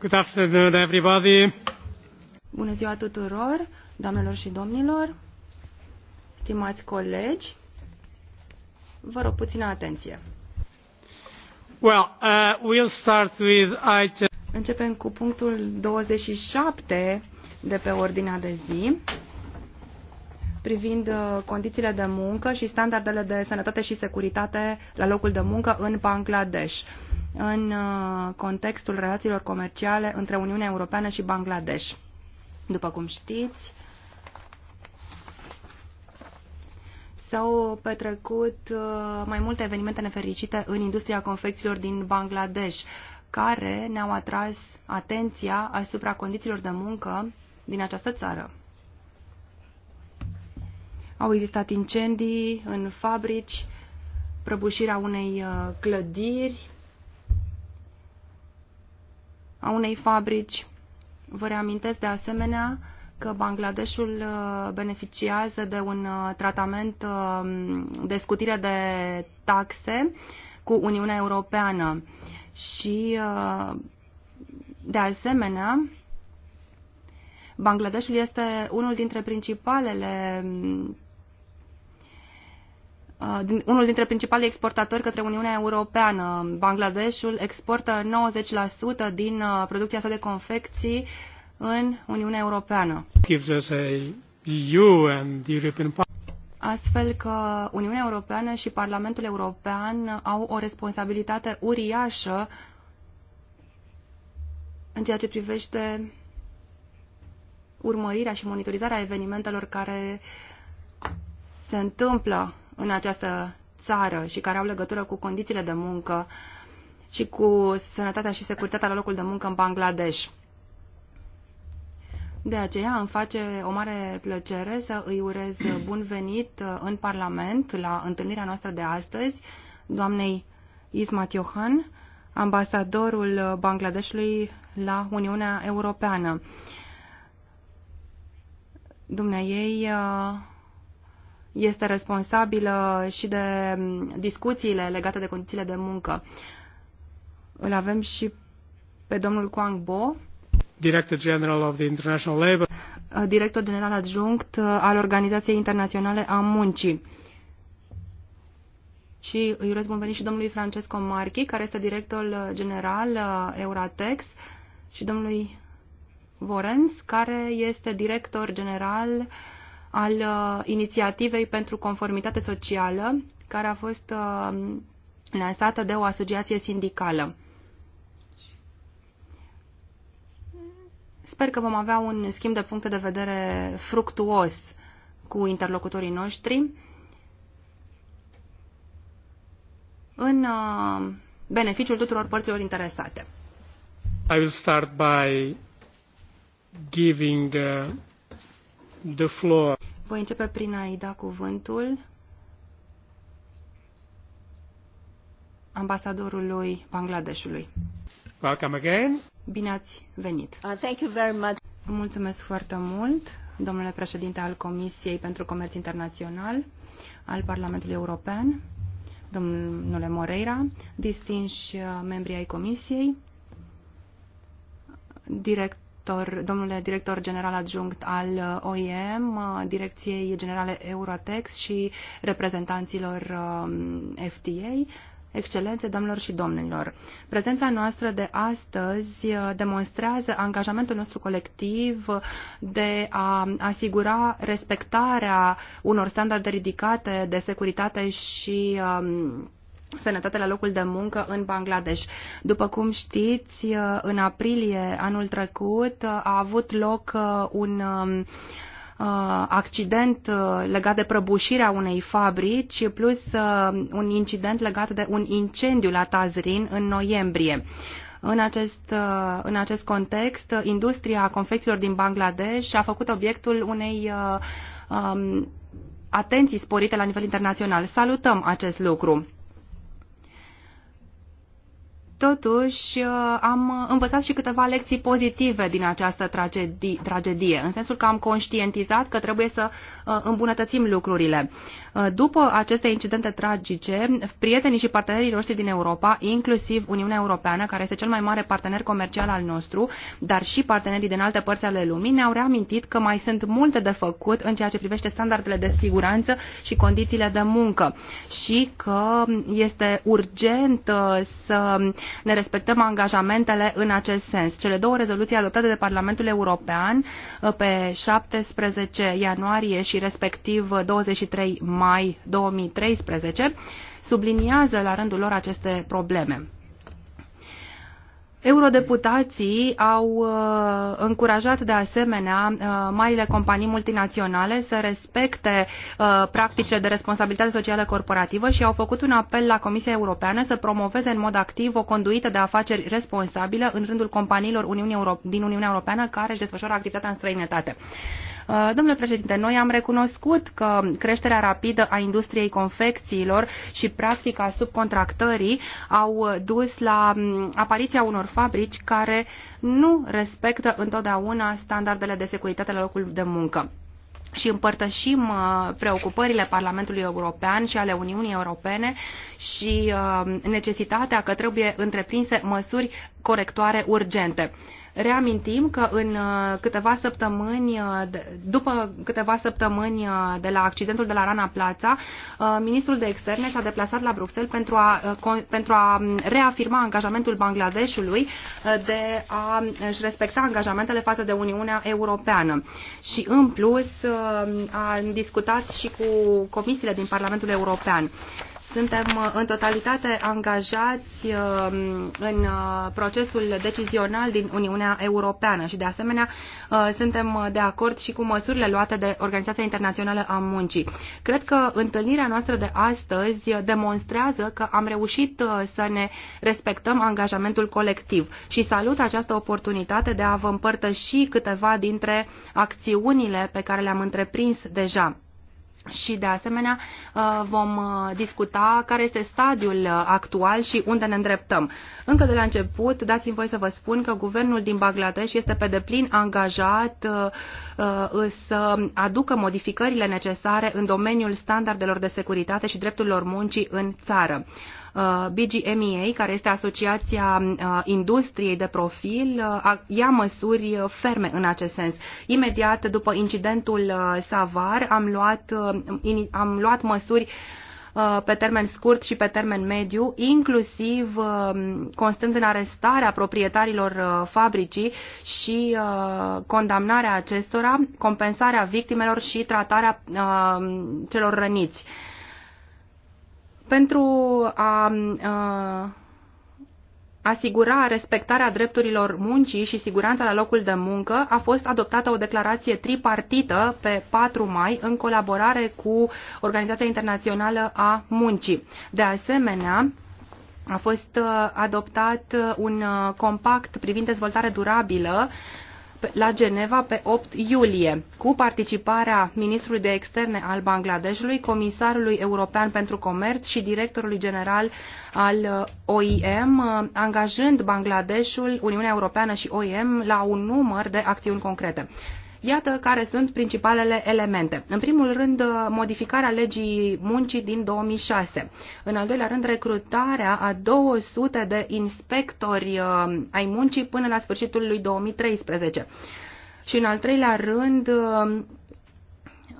Good afternoon, everybody. Bună ziua tuturor, doamnelor și domnilor, stimați colegi. Vă rog puțină atenție. Well, uh, we'll start with item... Începem cu punctul 27 de pe ordinea de zi privind uh, condițiile de muncă și standardele de sănătate și securitate la locul de muncă în Bangladesh în uh, contextul relațiilor comerciale între Uniunea Europeană și Bangladesh. După cum știți, s-au petrecut uh, mai multe evenimente nefericite în industria confecțiilor din Bangladesh, care ne-au atras atenția asupra condițiilor de muncă din această țară. Au existat incendii în fabrici, prăbușirea unei uh, clădiri, a unei fabrici. Vă reamintesc de asemenea că Bangladeshul uh, beneficiază de un uh, tratament um, de scutire de taxe cu Uniunea Europeană și uh, de asemenea Bangladeshul este unul dintre principalele um, Uh, unul dintre principalii exportatori către Uniunea Europeană. Bangladeshul exportă 90% din uh, producția sa de confecții în Uniunea Europeană. Astfel că Uniunea Europeană și Parlamentul European au o responsabilitate uriașă în ceea ce privește urmărirea și monitorizarea evenimentelor care se întâmplă în această țară și care au legătură cu condițiile de muncă și cu sănătatea și securitatea la locul de muncă în Bangladesh. De aceea îmi face o mare plăcere să îi urez bun venit în Parlament la întâlnirea noastră de astăzi doamnei Ismat Johan, ambasadorul Bangladeshului la Uniunea Europeană. Dumnea ei uh, este responsabilă și de discuțiile legate de condițiile de muncă. Îl avem și pe domnul Quang Bo, Director General of the International Labour, uh, director general adjunct uh, al Organizației Internaționale a Muncii. Și îi urez bun venit și domnului Francesco Marchi, care este directorul uh, general Euratex, și domnului Vorens, care este director general uh, al uh, inițiativei pentru conformitate socială, care a fost uh, lansată de o asociație sindicală. Sper că vom avea un schimb de puncte de vedere fructuos cu interlocutorii noștri în uh, beneficiul tuturor părților interesate. I will start by giving uh, the floor. Voi începe prin a-i da cuvântul ambasadorului Bangladeshului. Welcome again. Bine ați venit. Uh, thank you very much. Mulțumesc foarte mult, domnule președinte al Comisiei pentru Comerț Internațional al Parlamentului European, domnule Moreira, distinși uh, membrii ai Comisiei, direct director, domnule director general adjunct al uh, OIM, uh, Direcției Generale Eurotex și reprezentanților um, FDA, Excelențe, domnilor și domnilor, prezența noastră de astăzi uh, demonstrează angajamentul nostru colectiv de a asigura respectarea unor standarde ridicate de securitate și um, sănătate la locul de muncă în Bangladesh. După cum știți, uh, în aprilie anul trecut uh, a avut loc uh, un um, accident legat de prăbușirea unei fabrici, plus un incident legat de un incendiu la Tazrin în noiembrie. În acest, în acest context, industria confecțiilor din Bangladesh a făcut obiectul unei um, atenții sporite la nivel internațional. Salutăm acest lucru. Totuși, uh, am învățat și câteva lecții pozitive din această tragedie, tragedie în sensul că am conștientizat că trebuie să uh, îmbunătățim lucrurile. Uh, după aceste incidente tragice, prietenii și partenerii noștri din Europa, inclusiv Uniunea Europeană, care este cel mai mare partener comercial al nostru, dar și partenerii din alte părți ale lumii, ne-au reamintit că mai sunt multe de făcut în ceea ce privește standardele de siguranță și condițiile de muncă și că este urgent uh, să ne respectăm angajamentele în acest sens. Cele două rezoluții adoptate de Parlamentul European uh, pe 17 ianuarie și respectiv 23 mai mai 2013 subliniază la rândul lor aceste probleme. Eurodeputații au uh, încurajat de asemenea uh, marile companii multinaționale să respecte uh, practicile de responsabilitate socială corporativă și au făcut un apel la Comisia Europeană să promoveze în mod activ o conduită de afaceri responsabilă în rândul companiilor Uniunii Euro- din Uniunea Europeană care își desfășoară activitatea în străinătate. Uh, Uh, domnule președinte, noi am recunoscut că creșterea rapidă a industriei confecțiilor și practica subcontractării au dus la mm, apariția unor fabrici care nu respectă întotdeauna standardele de securitate la locul de muncă și împărtășim uh, preocupările Parlamentului European și ale Uniunii Europene și uh, necesitatea că trebuie întreprinse măsuri corectoare urgente. Reamintim că în uh, câteva săptămâni, uh, după câteva săptămâni uh, de la accidentul de la Rana Plața, ministrul de externe s-a deplasat la Bruxelles pentru a, pentru a um, reafirma angajamentul Bangladeshului de a-și respecta angajamentele față de Uniunea Europeană. Și în plus a discutat și cu comisiile din Parlamentul European. Suntem uh, în totalitate angajați uh, în uh, procesul decizional din Uniunea Europeană și, de asemenea, suntem de acord și cu măsurile luate de Organizația Internațională a Muncii. Cred că întâlnirea noastră de astăzi demonstrează că am reușit să ne respectăm angajamentul colectiv și salut această oportunitate de a vă împărtăși câteva dintre acțiunile pe care le-am întreprins deja și de asemenea uh, vom uh, discuta care este stadiul uh, actual și unde ne îndreptăm. Încă de la început, dați-mi voi să vă spun că guvernul din Bangladesh este pe deplin angajat să aducă modificările necesare în domeniul standardelor de securitate și drepturilor muncii în țară. Uh, BGMEA, care este Asociația uh, Industriei de Profil, uh, ia măsuri ferme în acest sens. Imediat după incidentul Savar am luat, am luat măsuri pe termen scurt și pe termen mediu, inclusiv constând în arestarea proprietarilor fabricii și condamnarea acestora, compensarea victimelor și tratarea celor răniți pentru a asigura respectarea drepturilor muncii și siguranța la locul de muncă, a fost adoptată o declarație tripartită pe 4 mai în colaborare cu Organizația Internațională a Muncii. De asemenea, a fost adoptat un uh, compact privind dezvoltare durabilă la Geneva pe 8 iulie, cu participarea ministrului de externe al Bangladeshului, comisarului european pentru comerț și directorului general al uh, OIM, uh, angajând Bangladeshul, Uniunea Europeană și OIM la un număr de acțiuni concrete. Iată care sunt principalele elemente. În primul rând, modificarea legii muncii din 2006. În al doilea rând, recrutarea a 200 de inspectori uh, ai muncii până la sfârșitul lui 2013. Și în al treilea rând, uh,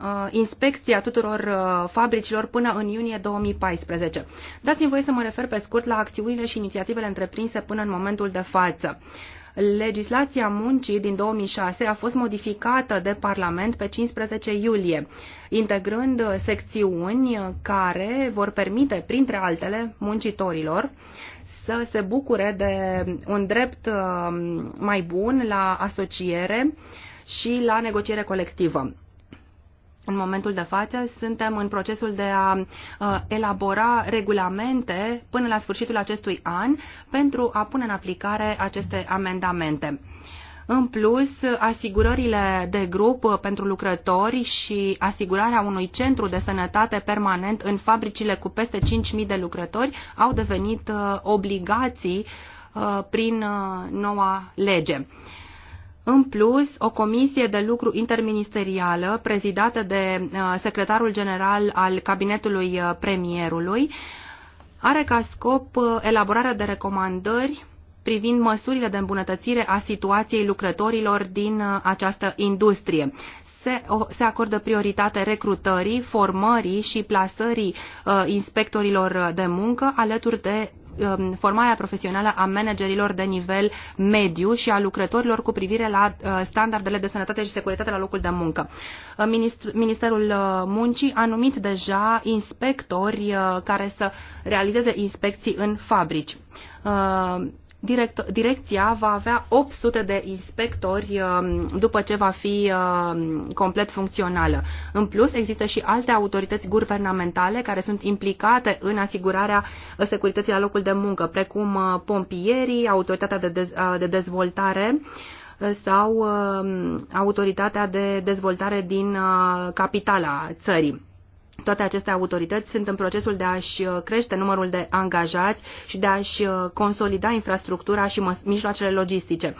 uh, inspecția tuturor fabricilor până în iunie 2014. Dați-mi voie să mă refer pe scurt la acțiunile și inițiativele întreprinse până în momentul de față. Legislația muncii din 2006 a fost modificată de Parlament pe 15 iulie, integrând secțiuni care vor permite, printre altele, muncitorilor să se bucure de un drept um, mai bun la asociere și la negociere colectivă în momentul de față suntem în procesul de a uh, elabora regulamente până la sfârșitul acestui an pentru a pune în aplicare aceste amendamente. În plus, asigurările de grup uh, pentru lucrători și asigurarea unui centru de sănătate permanent în fabricile cu peste 5.000 de lucrători au devenit uh, obligații prin noua lege. În plus, o comisie de lucru interministerială prezidată de uh, secretarul general al cabinetului uh, premierului are ca scop uh, elaborarea de recomandări privind măsurile de îmbunătățire a situației lucrătorilor din această industrie. Se, se acordă prioritate recrutării, formării și plasării uh, inspectorilor de muncă alături de Um, formarea profesională a managerilor de nivel mediu și a lucrătorilor cu privire la uh, standardele de sănătate și securitate la locul de muncă. Uh, Ministerul uh, Muncii a numit deja inspectori care să realizeze inspecții în fabrici Direct, direcția va avea 800 de inspectori um, după ce va fi um, complet funcțională. În plus, există și alte autorități guvernamentale care sunt implicate în asigurarea securității la locul de muncă, precum uh, pompierii, autoritatea de, dez, uh, de dezvoltare uh, sau um, autoritatea de dezvoltare din capitala țării toate aceste autorități sunt în procesul de a-și uh, crește numărul de angajați și de a-și uh, consolida infrastructura și mijloacele logistice.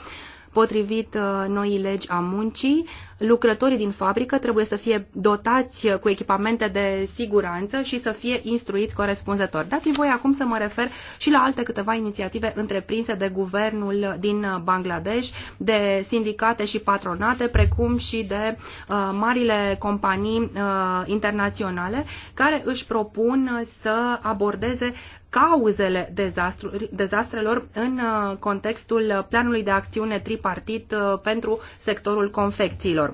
Potrivit uh, noii legi a muncii, lucrătorii din fabrică trebuie să fie dotați cu echipamente de siguranță și să fie instruiți corespunzător. Dați-mi voi acum să mă refer și la alte câteva inițiative întreprinse de guvernul din Bangladesh, de sindicate și patronate, precum și de uh, marile companii uh, internaționale care își propun să abordeze cauzele dezastrelor în uh, contextul planului de acțiune tripartit uh, pentru sectorul confecțiilor.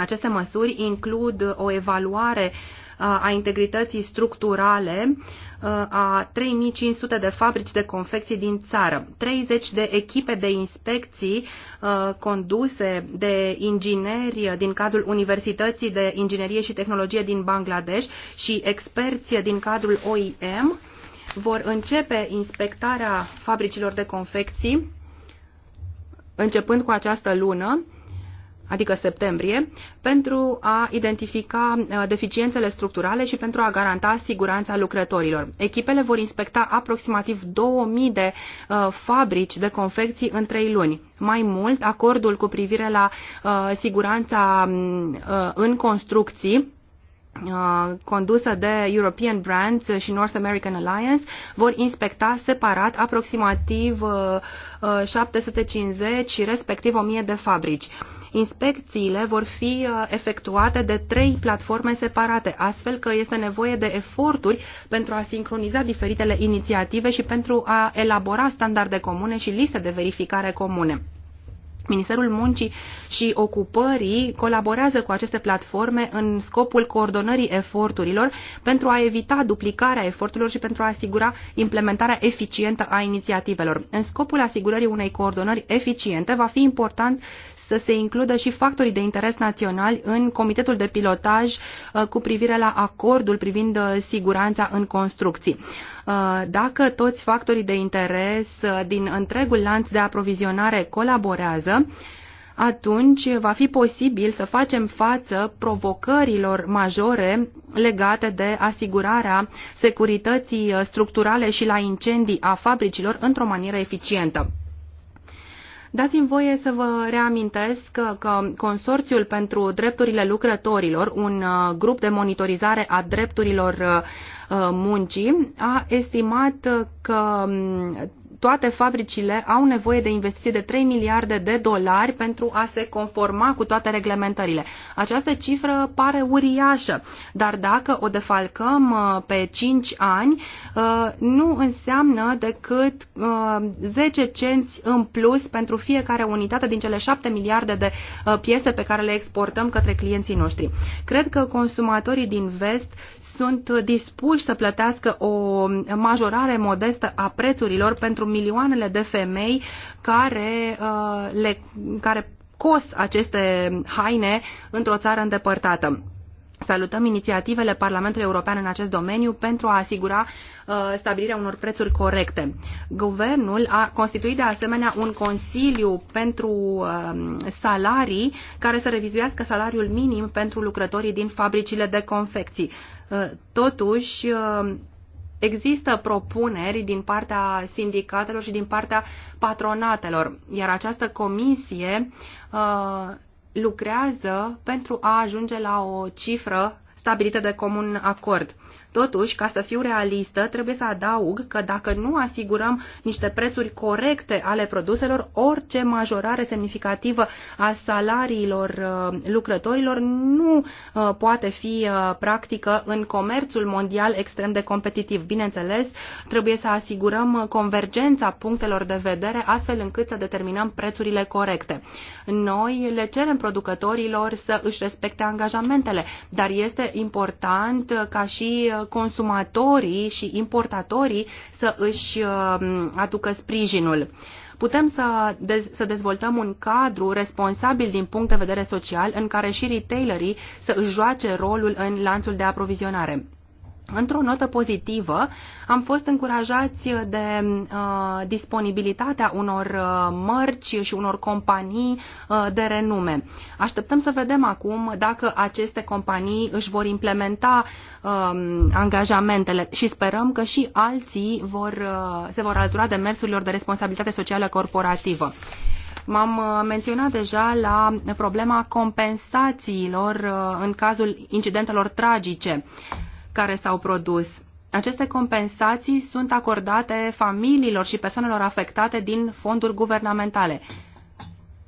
Aceste măsuri includ o evaluare uh, a integrității structurale uh, a 3500 de fabrici de confecții din țară, 30 de echipe de inspecții uh, conduse de ingineri din cadrul Universității de Inginerie și Tehnologie din Bangladesh și experți din cadrul OIM vor începe inspectarea fabricilor de confecții începând cu această lună adică septembrie, pentru a identifica uh, deficiențele structurale și pentru a garanta siguranța lucrătorilor. Echipele vor inspecta aproximativ 2000 de uh, fabrici de confecții în 3 luni. Mai mult, acordul cu privire la uh, siguranța mm, uh, în construcții uh, condusă de European Brands și North American Alliance vor inspecta separat aproximativ 750 uh, și respectiv 1000 de fabrici. Inspecțiile vor fi uh, efectuate de trei platforme separate, astfel că este nevoie de eforturi pentru a sincroniza diferitele inițiative și pentru a elabora standarde comune și liste de verificare comune. Ministerul Muncii și Ocupării colaborează cu aceste platforme în scopul coordonării eforturilor pentru a evita duplicarea eforturilor și pentru a asigura implementarea eficientă a inițiativelor. În scopul asigurării unei coordonări eficiente va fi important să se includă și factorii de interes național în comitetul de pilotaj uh, cu privire la acordul privind uh, siguranța în construcții. Uh, dacă toți factorii de interes din întregul lanț de aprovizionare colaborează, atunci va fi posibil să facem față provocărilor majore legate de asigurarea securității structurale și la incendii a fabricilor într-o manieră eficientă. Dați-mi voie să vă reamintesc că, Consorțiul pentru Drepturile Lucrătorilor, un uh, grup de monitorizare a drepturilor uh, uh, muncii, a estimat că mm, toate fabricile au nevoie de investiții de 3 miliarde de dolari pentru a se conforma cu toate reglementările. Această cifră pare uriașă, dar dacă o defalcăm uh, pe 5 ani, uh, nu înseamnă decât 10 uh, cenți în plus pentru fiecare unitate din cele 7 miliarde de piese pe care le exportăm către clienții noștri. Cred că consumatorii din vest sunt dispuși să plătească o majorare modestă a prețurilor pentru milioanele de femei care, uh, le, care cos aceste haine într-o țară îndepărtată. Salutăm inițiativele Parlamentului European în acest domeniu pentru a asigura uh, stabilirea unor prețuri corecte. Guvernul a constituit de asemenea un consiliu pentru uh, salarii care să revizuiască salariul minim pentru lucrătorii din fabricile de confecții. Uh, totuși, uh, Există propuneri din partea sindicatelor și din partea patronatelor, iar această comisie uh, lucrează pentru a ajunge la o cifră stabilită de comun acord. Totuși, ca să fiu realistă, trebuie să adaug că dacă nu asigurăm niște prețuri corecte ale produselor, orice majorare semnificativă a salariilor uh, lucrătorilor nu uh, poate fi uh, practică în comerțul mondial extrem de competitiv. Bineînțeles, trebuie să asigurăm convergența punctelor de vedere astfel încât să determinăm prețurile corecte. Noi le cerem producătorilor să își respecte angajamentele, dar este important ca și consumatorii și importatorii să își uh, aducă sprijinul. Putem să, dez- să dezvoltăm un cadru responsabil din punct de vedere social în care și retailerii să își joace rolul în lanțul de aprovizionare. Într-o notă pozitivă, am fost încurajați de uh, disponibilitatea unor uh, mărci și unor companii uh, de renume. Așteptăm să vedem acum dacă aceste companii își vor implementa uh, angajamentele și sperăm că și alții vor, uh, se vor altura de mersurilor de responsabilitate socială corporativă. M-am uh, menționat deja la problema compensațiilor uh, în cazul incidentelor tragice. Uh, care s-au produs. Aceste compensații sunt acordate familiilor și persoanelor afectate din fonduri guvernamentale.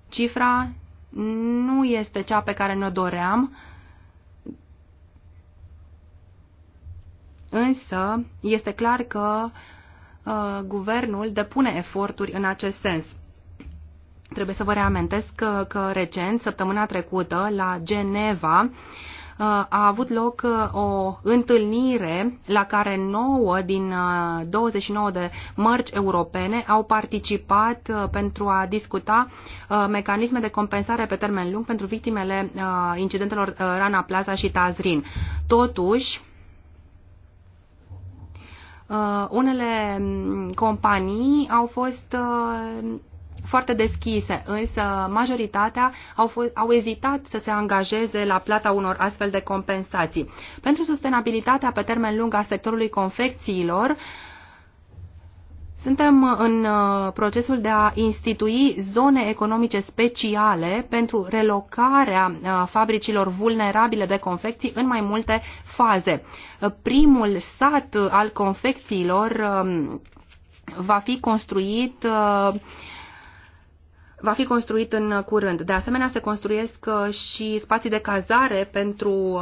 Cifra nu este cea pe care ne-o doream, însă este clar că uh, guvernul depune eforturi în acest sens. Trebuie să vă reamintesc că, că recent, săptămâna trecută, la Geneva, uh, Uh, a avut loc uh, o întâlnire la care 9 din 29 uh, de mărci europene au participat pentru a discuta mecanisme de compensare pe termen lung pentru victimele incidentelor Rana Plaza și Tazrin. Totuși, unele mm, companii au fost foarte deschise, însă majoritatea au, au ezitat să se angajeze la plata unor astfel de compensații. Pentru sustenabilitatea pe termen lung a sectorului confecțiilor, suntem în uh, procesul de a institui zone economice speciale pentru relocarea uh, fabricilor vulnerabile de confecții în mai multe faze. Uh, primul sat al confecțiilor um, va fi construit uh, va fi construit în curând. De asemenea, se construiesc uh, și spații de cazare pentru um,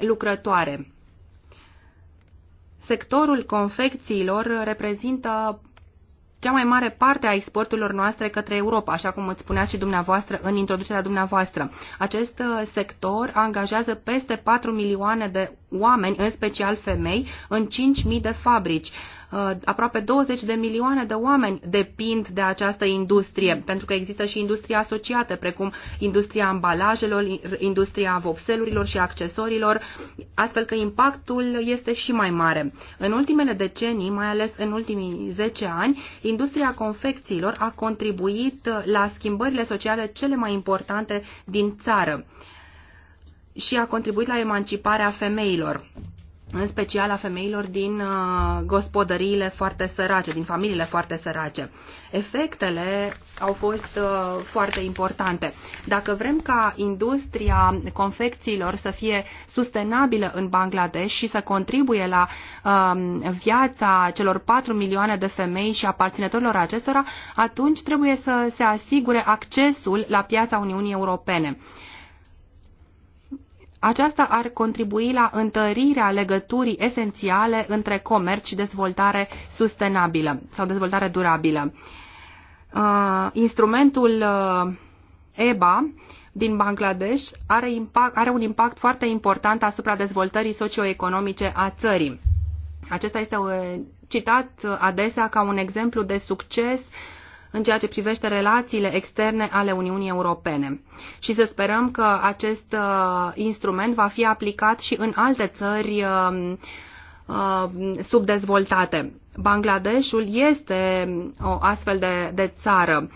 lucrătoare. Sectorul confecțiilor reprezintă cea mai mare parte a exporturilor noastre către Europa, așa cum îți spuneați și dumneavoastră în introducerea dumneavoastră. Acest uh, sector angajează peste 4 milioane de oameni, în special femei, în 5.000 de fabrici. Uh, aproape 20 de milioane de oameni depind de această industrie, pentru că există și industrie asociată, precum industria ambalajelor, industria vopselurilor și accesorilor, astfel că impactul este și mai mare. În ultimele decenii, mai ales în ultimii 10 ani, industria confecțiilor a contribuit uh, la schimbările sociale cele mai importante din țară și a contribuit la emanciparea femeilor în special a femeilor din uh, gospodăriile foarte sărace, din familiile foarte sărace. Efectele au fost uh, foarte importante. Dacă vrem ca industria confecțiilor să fie sustenabilă în Bangladesh și să contribuie la um, viața celor 4 milioane de femei și aparținătorilor acestora, atunci trebuie să se asigure accesul la piața Uniunii Europene. Aceasta ar contribui la întărirea legăturii esențiale între comerț și dezvoltare sustenabilă sau dezvoltare durabilă. Uh, instrumentul uh, EBA din Bangladesh are, impact, are un impact foarte important asupra dezvoltării socioeconomice a țării. Acesta este uh, citat uh, adesea ca un exemplu de succes în ceea ce privește relațiile externe ale Uniunii Europene. Și să sperăm că acest uh, instrument va fi aplicat și în alte țări uh, uh, subdezvoltate. Bangladeshul este o astfel de, de țară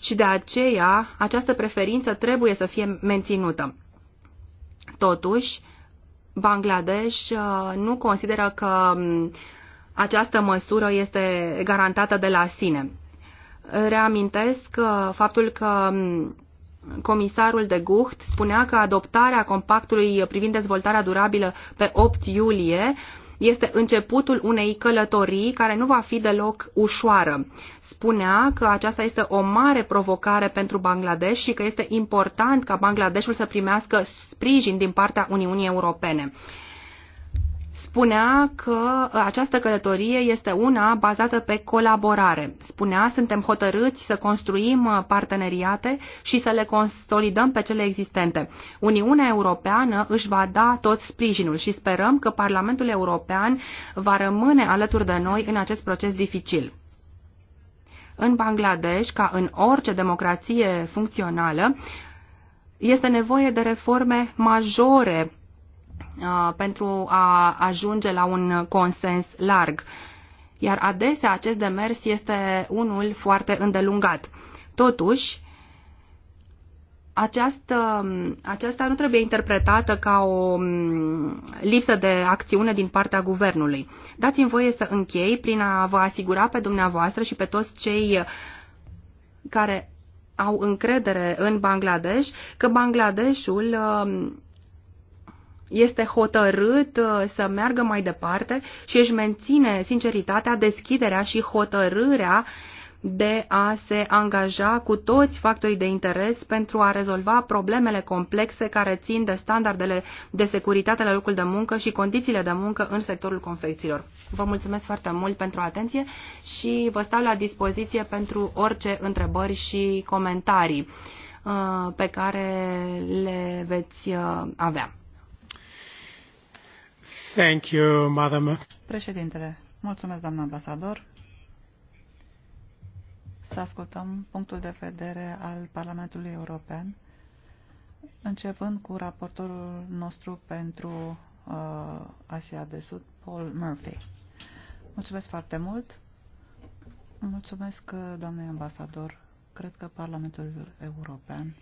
și de aceea această preferință trebuie să fie menținută. Totuși, Bangladesh nu consideră că um, această măsură este garantată de la sine reamintesc uh, faptul că um, comisarul de Gucht spunea că adoptarea compactului privind dezvoltarea durabilă pe 8 iulie este începutul unei călătorii care nu va fi deloc ușoară. Spunea că aceasta este o mare provocare pentru Bangladesh și că este important ca Bangladeshul să primească sprijin din partea Uniunii Europene spunea că această călătorie este una bazată pe colaborare. Spunea, suntem hotărâți să construim parteneriate și să le consolidăm pe cele existente. Uniunea Europeană își va da tot sprijinul și sperăm că Parlamentul European va rămâne alături de noi în acest proces dificil. În Bangladesh, ca în orice democrație funcțională, este nevoie de reforme majore Uh, pentru a ajunge la un consens larg. Iar adesea acest demers este unul foarte îndelungat. Totuși, această, aceasta nu trebuie interpretată ca o mm, lipsă de acțiune din partea guvernului. Dați-mi voie să închei prin a vă asigura pe dumneavoastră și pe toți cei care au încredere în Bangladesh că Bangladeshul mm, este hotărât uh, să meargă mai departe și își menține sinceritatea, deschiderea și hotărârea de a se angaja cu toți factorii de interes pentru a rezolva problemele complexe care țin de standardele de securitate la locul de muncă și condițiile de muncă în sectorul confecțiilor. Vă mulțumesc foarte mult pentru atenție și vă stau la dispoziție pentru orice întrebări și comentarii uh, pe care le veți uh, avea. Thank you, madam. Președintele, mulțumesc, doamnă ambasador. Să ascultăm punctul de vedere al Parlamentului European, începând cu raportorul nostru pentru uh, Asia de Sud, Paul Murphy. Mulțumesc foarte mult. Mulțumesc, uh, doamnă ambasador. Cred că Parlamentul European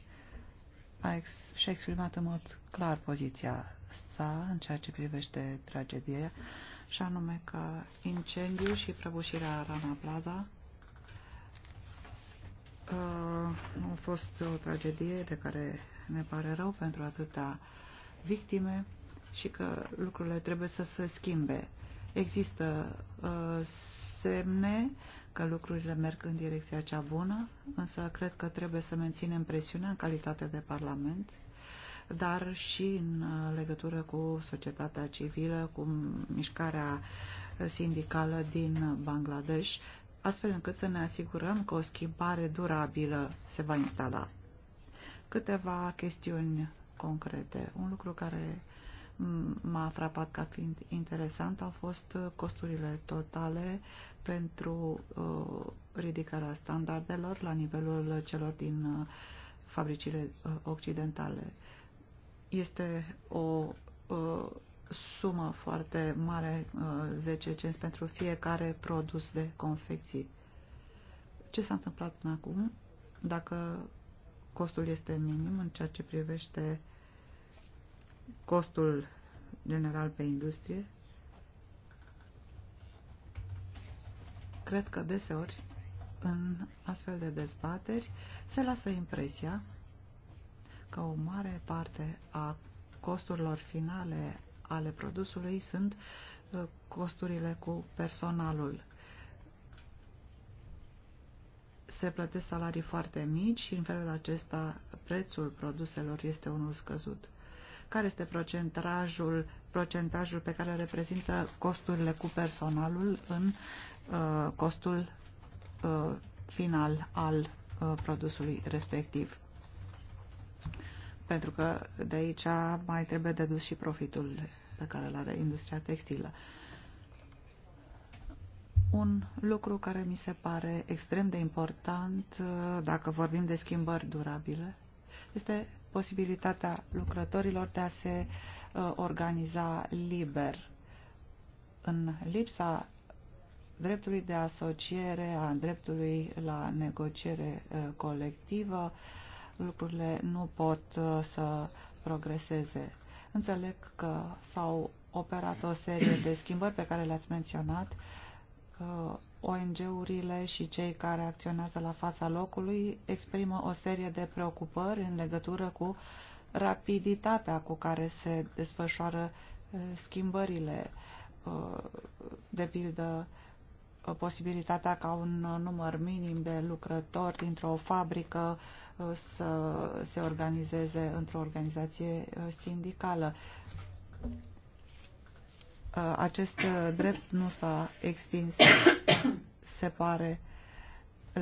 a ex și-a exprimat în mod clar poziția sa în ceea ce privește tragedia, și anume că incendiul și prăbușirea Rana Plaza uh, au fost o tragedie de care ne pare rău pentru atâta victime și că lucrurile trebuie să se schimbe. Există uh, semne că lucrurile merg în direcția cea bună, însă cred că trebuie să menținem presiunea în calitate de Parlament, dar și în uh, legătură cu societatea civilă, cu mișcarea sindicală din Bangladesh, astfel încât să ne asigurăm că o schimbare durabilă se va instala. Câteva chestiuni concrete. Un lucru care m-a frapat ca fiind interesant au fost uh, costurile totale pentru uh, ridicarea standardelor la nivelul celor din uh, fabricile occidentale. Este o sumă foarte mare, 10 cenți pentru fiecare produs de confecții. Ce s-a întâmplat până acum? Dacă costul este minim în ceea ce privește costul general pe industrie, cred că deseori în astfel de dezbateri se lasă impresia că o mare parte a costurilor finale ale produsului sunt uh, costurile cu personalul. Se plătesc salarii foarte mici și în felul acesta prețul produselor este unul scăzut care este procentajul, procentajul pe care reprezintă costurile cu personalul în uh, costul uh, final al uh, produsului respectiv. Pentru că de aici mai trebuie dedus și profitul pe care îl are industria textilă. Un lucru care mi se pare extrem de important uh, dacă vorbim de schimbări durabile este posibilitatea lucrătorilor de a se uh, organiza liber. În lipsa dreptului de asociere, a dreptului la negociere uh, colectivă, lucrurile nu pot uh, să progreseze. Înțeleg că s-au operat o serie de schimbări pe care le-ați menționat ONG-urile și cei care acționează la fața locului exprimă o serie de preocupări în legătură cu rapiditatea cu care se desfășoară uh, schimbările, uh, de pildă uh, posibilitatea ca un număr minim de lucrători dintr-o fabrică să se organizeze într-o organizație sindicală. Uh, acest uh, drept nu s-a extins, se pare,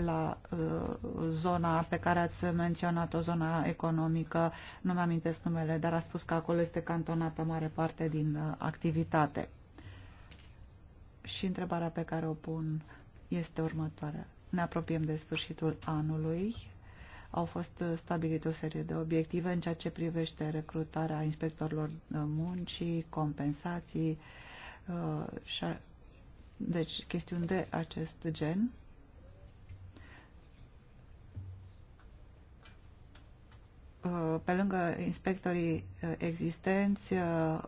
la uh, zona pe care ați menționat-o, zona economică, nu mi-amintesc numele, dar a spus că acolo este cantonată mare parte din activitate. Și întrebarea pe care o pun este următoarea. Ne apropiem de sfârșitul anului, au fost uh, stabilite o serie de obiective în ceea ce privește recrutarea inspectorilor muncii, compensații, uh, deci chestiuni de acest gen. Uh, pe lângă inspectorii existenți,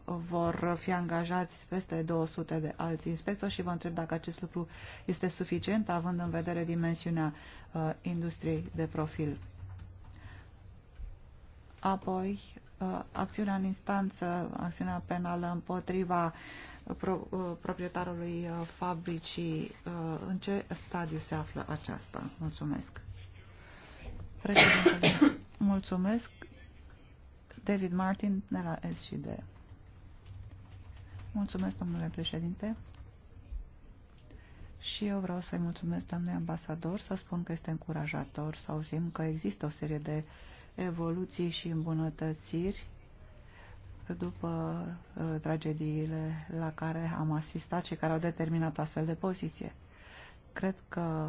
vor fi angajați peste 200 de alți inspectori și vă întreb dacă acest lucru este suficient, având în vedere dimensiunea industriei de profil. Apoi, uh, acțiunea în instanță, acțiunea penală împotriva pro, uh, proprietarului uh, fabricii, în ce stadiu se află aceasta? Mulțumesc. Președintele, mulțumesc. David Martin, de la SCD. Mulțumesc, domnule președinte. Și eu vreau să-i mulțumesc, doamne ambasador, să spun că este încurajator să auzim că există o serie de uh, evoluții și îmbunătățiri după uh, tragediile la care am asistat și care au determinat o astfel de poziție. Cred că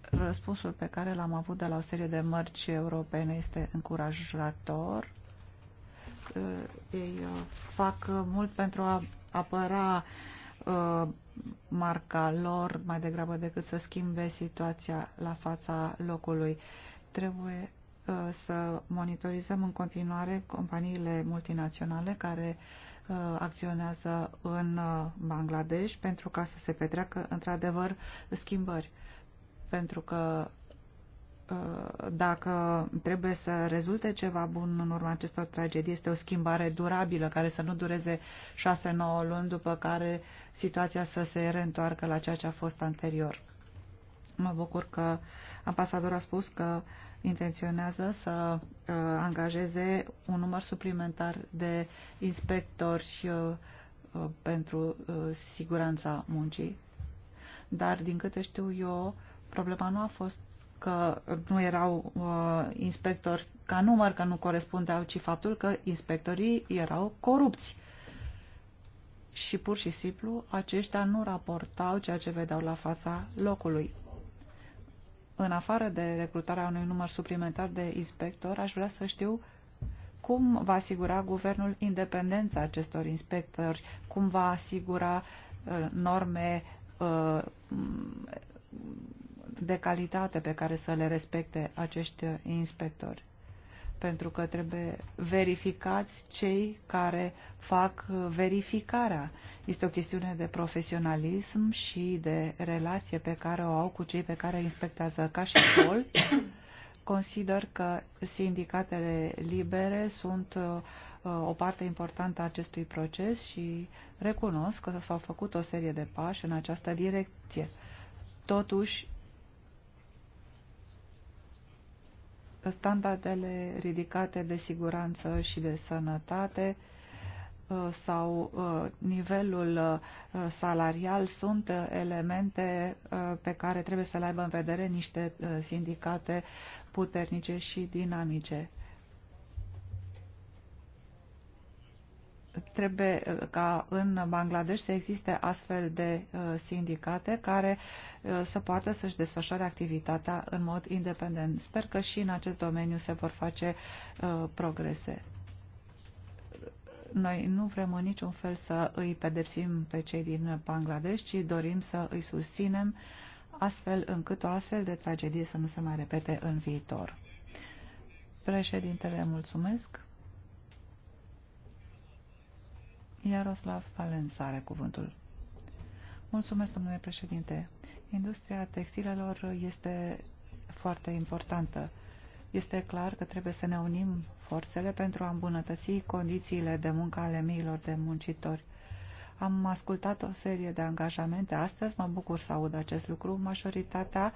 răspunsul pe care l-am avut de la o serie de mărci europene este încurajator. Uh, ei uh, fac mult pentru a apăra uh, marca lor mai degrabă decât să schimbe situația la fața locului. Trebuie uh, să monitorizăm în continuare companiile multinaționale care uh, acționează în uh, Bangladesh pentru ca să se petreacă într-adevăr schimbări. Pentru că dacă trebuie să rezulte ceva bun în urma acestor tragedii, este o schimbare durabilă, care să nu dureze 6-9 luni, după care situația să se reîntoarcă la ceea ce a fost anterior. Mă bucur că uh, Ambasador a spus că intenționează să uh, angajeze un număr suplimentar de inspectori uh, uh, pentru siguranța muncii. Dar, din câte știu eu, problema nu a fost că nu erau uh, inspectori ca număr, că nu corespundeau, ci faptul că inspectorii erau corupți. Și pur și simplu aceștia nu raportau ceea ce vedeau la fața locului în afară de recrutarea unui număr suplimentar de inspector, aș vrea să știu cum va asigura guvernul independența acestor inspectori, cum va asigura uh, norme uh, de calitate pe care să le respecte acești inspectori pentru că trebuie verificați cei care fac verificarea. Este o chestiune de profesionalism și de relație pe care o au cu cei pe care inspectează ca și pol. Consider că sindicatele libere sunt uh, o parte importantă a acestui proces și recunosc că s-au făcut o serie de pași în această direcție. Totuși, standardele ridicate de siguranță și de sănătate uh, sau uh, nivelul uh, salarial sunt elemente pe care trebuie să le aibă în vedere niște sindicate puternice și dinamice. trebuie uh, ca în Bangladesh să existe astfel de uh, sindicate care uh, să poată să-și desfășoare activitatea în mod independent. Sper că și în acest domeniu se vor face progrese. Noi nu vrem în niciun fel să îi pedepsim pe cei din Bangladesh, ci dorim să îi susținem astfel încât o astfel de tragedie să nu se mai repete în viitor. Președintele, mulțumesc. Iaroslav Valensa are cuvântul. Mulțumesc, domnule președinte. Industria textilelor este foarte importantă. Este clar că trebuie să ne unim forțele pentru a îmbunătăți condițiile de muncă ale miilor de muncitori. Am ascultat o serie de angajamente astăzi, mă bucur să aud acest lucru. Majoritatea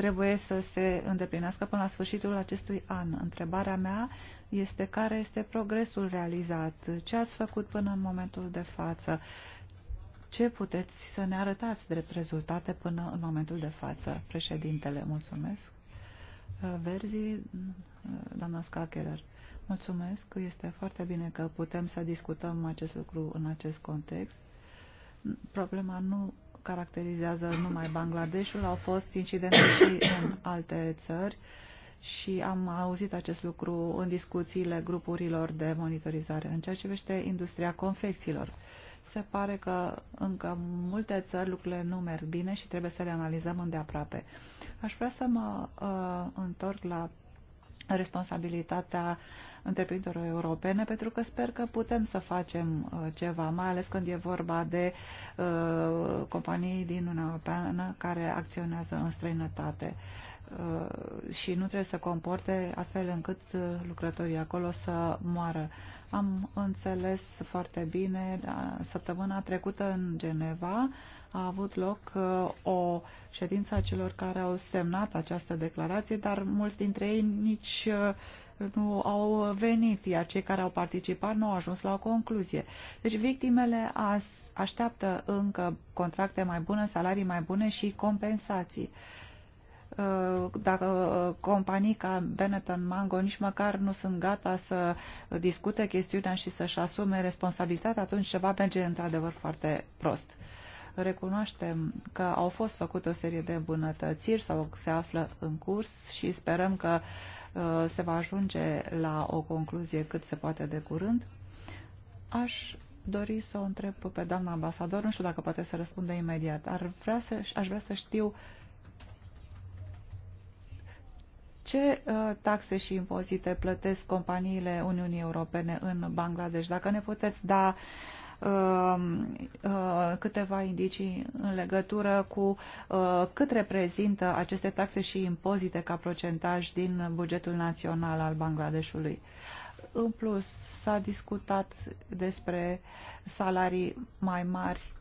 trebuie să se îndeplinească până la sfârșitul acestui an. Întrebarea mea este care este progresul realizat, ce ați făcut până în momentul de față, ce puteți să ne arătați drept rezultate până în momentul de față. Președintele, mulțumesc. Verzi, doamna Scacherer, mulțumesc. Este foarte bine că putem să discutăm acest lucru în acest context. Problema nu caracterizează numai Bangladeshul, au fost incidente și în alte țări și am auzit acest lucru în discuțiile grupurilor de monitorizare. În ceea ce vește industria confecțiilor, se pare că încă multe țări lucrurile nu merg bine și trebuie să le analizăm îndeaproape. Aș vrea să mă uh, întorc la responsabilitatea întreprinderilor europene, pentru că sper că putem să facem uh, ceva, mai ales când e vorba de uh, companii din Uniunea Europeană care acționează în străinătate uh, și nu trebuie să comporte astfel încât uh, lucrătorii acolo să moară. Uh, am înțeles foarte bine, da, săptămâna trecută în Geneva a avut loc uh, o ședință a celor care au semnat această declarație, dar mulți dintre ei nici uh, nu au venit, iar cei care au participat nu au ajuns la o concluzie. Deci victimele așteaptă încă contracte mai bune, salarii mai bune și compensații. Uh, dacă uh, companii ca Benetton Mango nici măcar nu sunt gata să discute chestiunea și să-și asume responsabilitatea, atunci ceva merge într-adevăr foarte prost. Recunoaștem că au fost făcute o serie de îmbunătățiri sau se află în curs și sperăm că uh, se va ajunge la o concluzie cât se poate de curând. Aș dori să o întreb pe doamna ambasador, nu știu dacă poate să răspundă imediat. Ar vrea să, aș vrea să știu Ce uh, taxe și impozite plătesc companiile Uniunii Europene în Bangladesh? Dacă ne puteți da um, uh, câteva indicii în legătură cu uh, cât reprezintă aceste taxe și impozite ca procentaj din bugetul național al Bangladeshului. În plus, s-a discutat despre salarii mai mari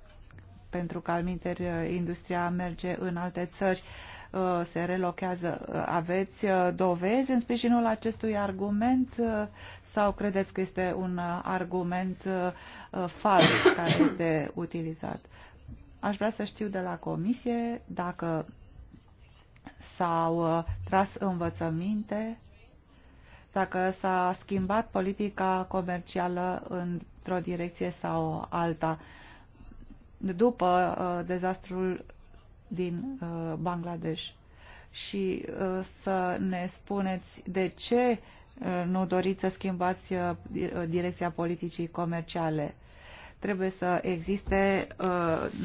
pentru că, alminteri, industria merge în alte țări. Uh, Uh, se relochează. Uh, aveți uh, dovezi în sprijinul acestui argument sau credeți că este un argument fals care este utilizat? Aș vrea să știu de la comisie dacă s-au tras învățăminte dacă s-a schimbat politica comercială într-o direcție sau alta după uh, dezastrul din uh, Bangladesh și uh, să ne spuneți de ce uh, nu doriți să schimbați direcția politicii comerciale. Trebuie să existe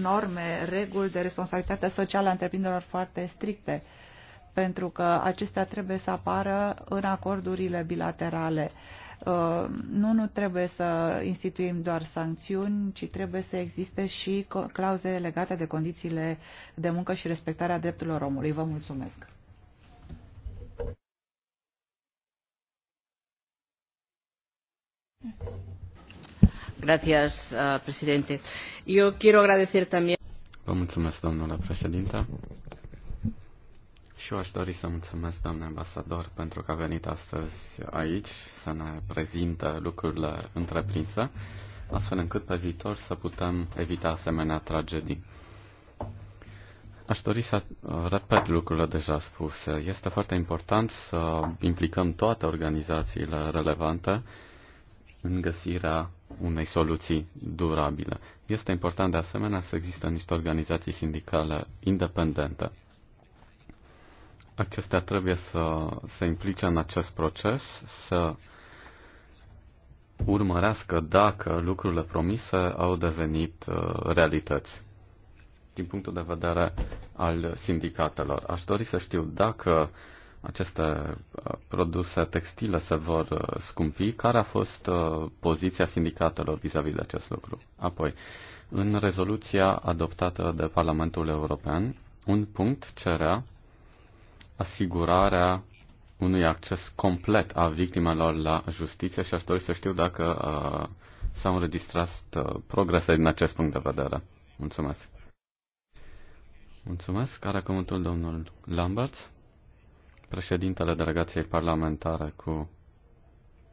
norme, reguli de responsabilitate socială a întreprinderilor foarte stricte, pentru că acestea trebuie să apară în acordurile bilaterale. Uh, Uh, nu, nu trebuie să instituim doar sancțiuni, ci trebuie să existe și clauze legate de condițiile de muncă și respectarea drepturilor omului. Vă mulțumesc! Gracias, uh, presidente. Yo quiero agradecer también. Vă mulțumesc, domnule președinte. Și eu aș dori să mulțumesc, doamne ambasador, pentru că a venit astăzi aici să ne prezinte lucrurile întreprinse, astfel încât pe viitor să putem evita asemenea tragedii. Aș dori să repet lucrurile deja spuse. Este foarte important să implicăm toate organizațiile relevante în găsirea unei soluții durabile. Este important de asemenea să există niște organizații sindicale independente acestea trebuie să se implice în acest proces, să urmărească dacă lucrurile promise au devenit uh, realități. Din punctul de vedere al sindicatelor, aș dori să știu dacă aceste uh, produse textile se vor uh, scumpi, care a fost poziția sindicatelor vis-a-vis -vis de acest lucru. Apoi, în rezoluția adoptată de Parlamentul European, un punct cerea asigurarea unui acces complet a victimelor la justiție și aș dori să știu dacă uh, s-au înregistrat uh, progrese din acest punct de vedere. Mulțumesc. Mulțumesc. Care cuvântul domnul Lambert, președintele delegației parlamentare cu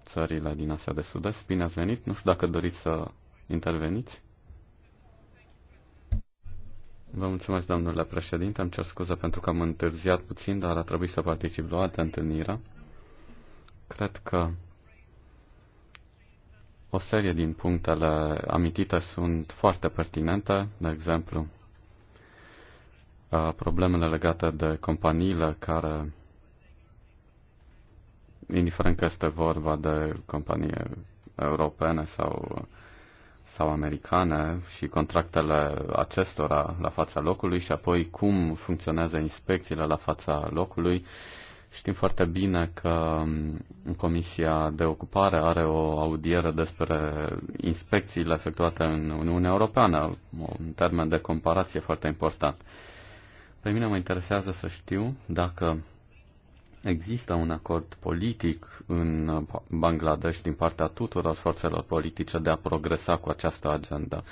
țările din Asia de Sud-Est. Bine ați venit. Nu știu dacă doriți să interveniți. Vă mulțumesc, domnule președinte. am cer scuze pentru că am întârziat puțin, dar a trebuit să particip la o altă întâlnire. Cred că o serie din punctele amintite sunt foarte pertinente, de exemplu, uh, problemele legate de companiile care, indiferent că este vorba de companii europene sau sau americane și contractele acestora la fața locului și apoi cum funcționează inspecțiile la fața locului. Știm foarte bine că um, Comisia de Ocupare are o audiere despre inspecțiile efectuate în Uniunea Europeană, un termen de comparație foarte important. Pe mine mă interesează să știu dacă Există un acord politic în Bangladesh din partea tuturor forțelor politice de a progresa cu această agenda.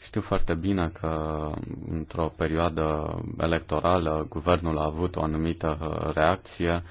Știu foarte bine că într-o perioadă electorală guvernul a avut o anumită uh, reacție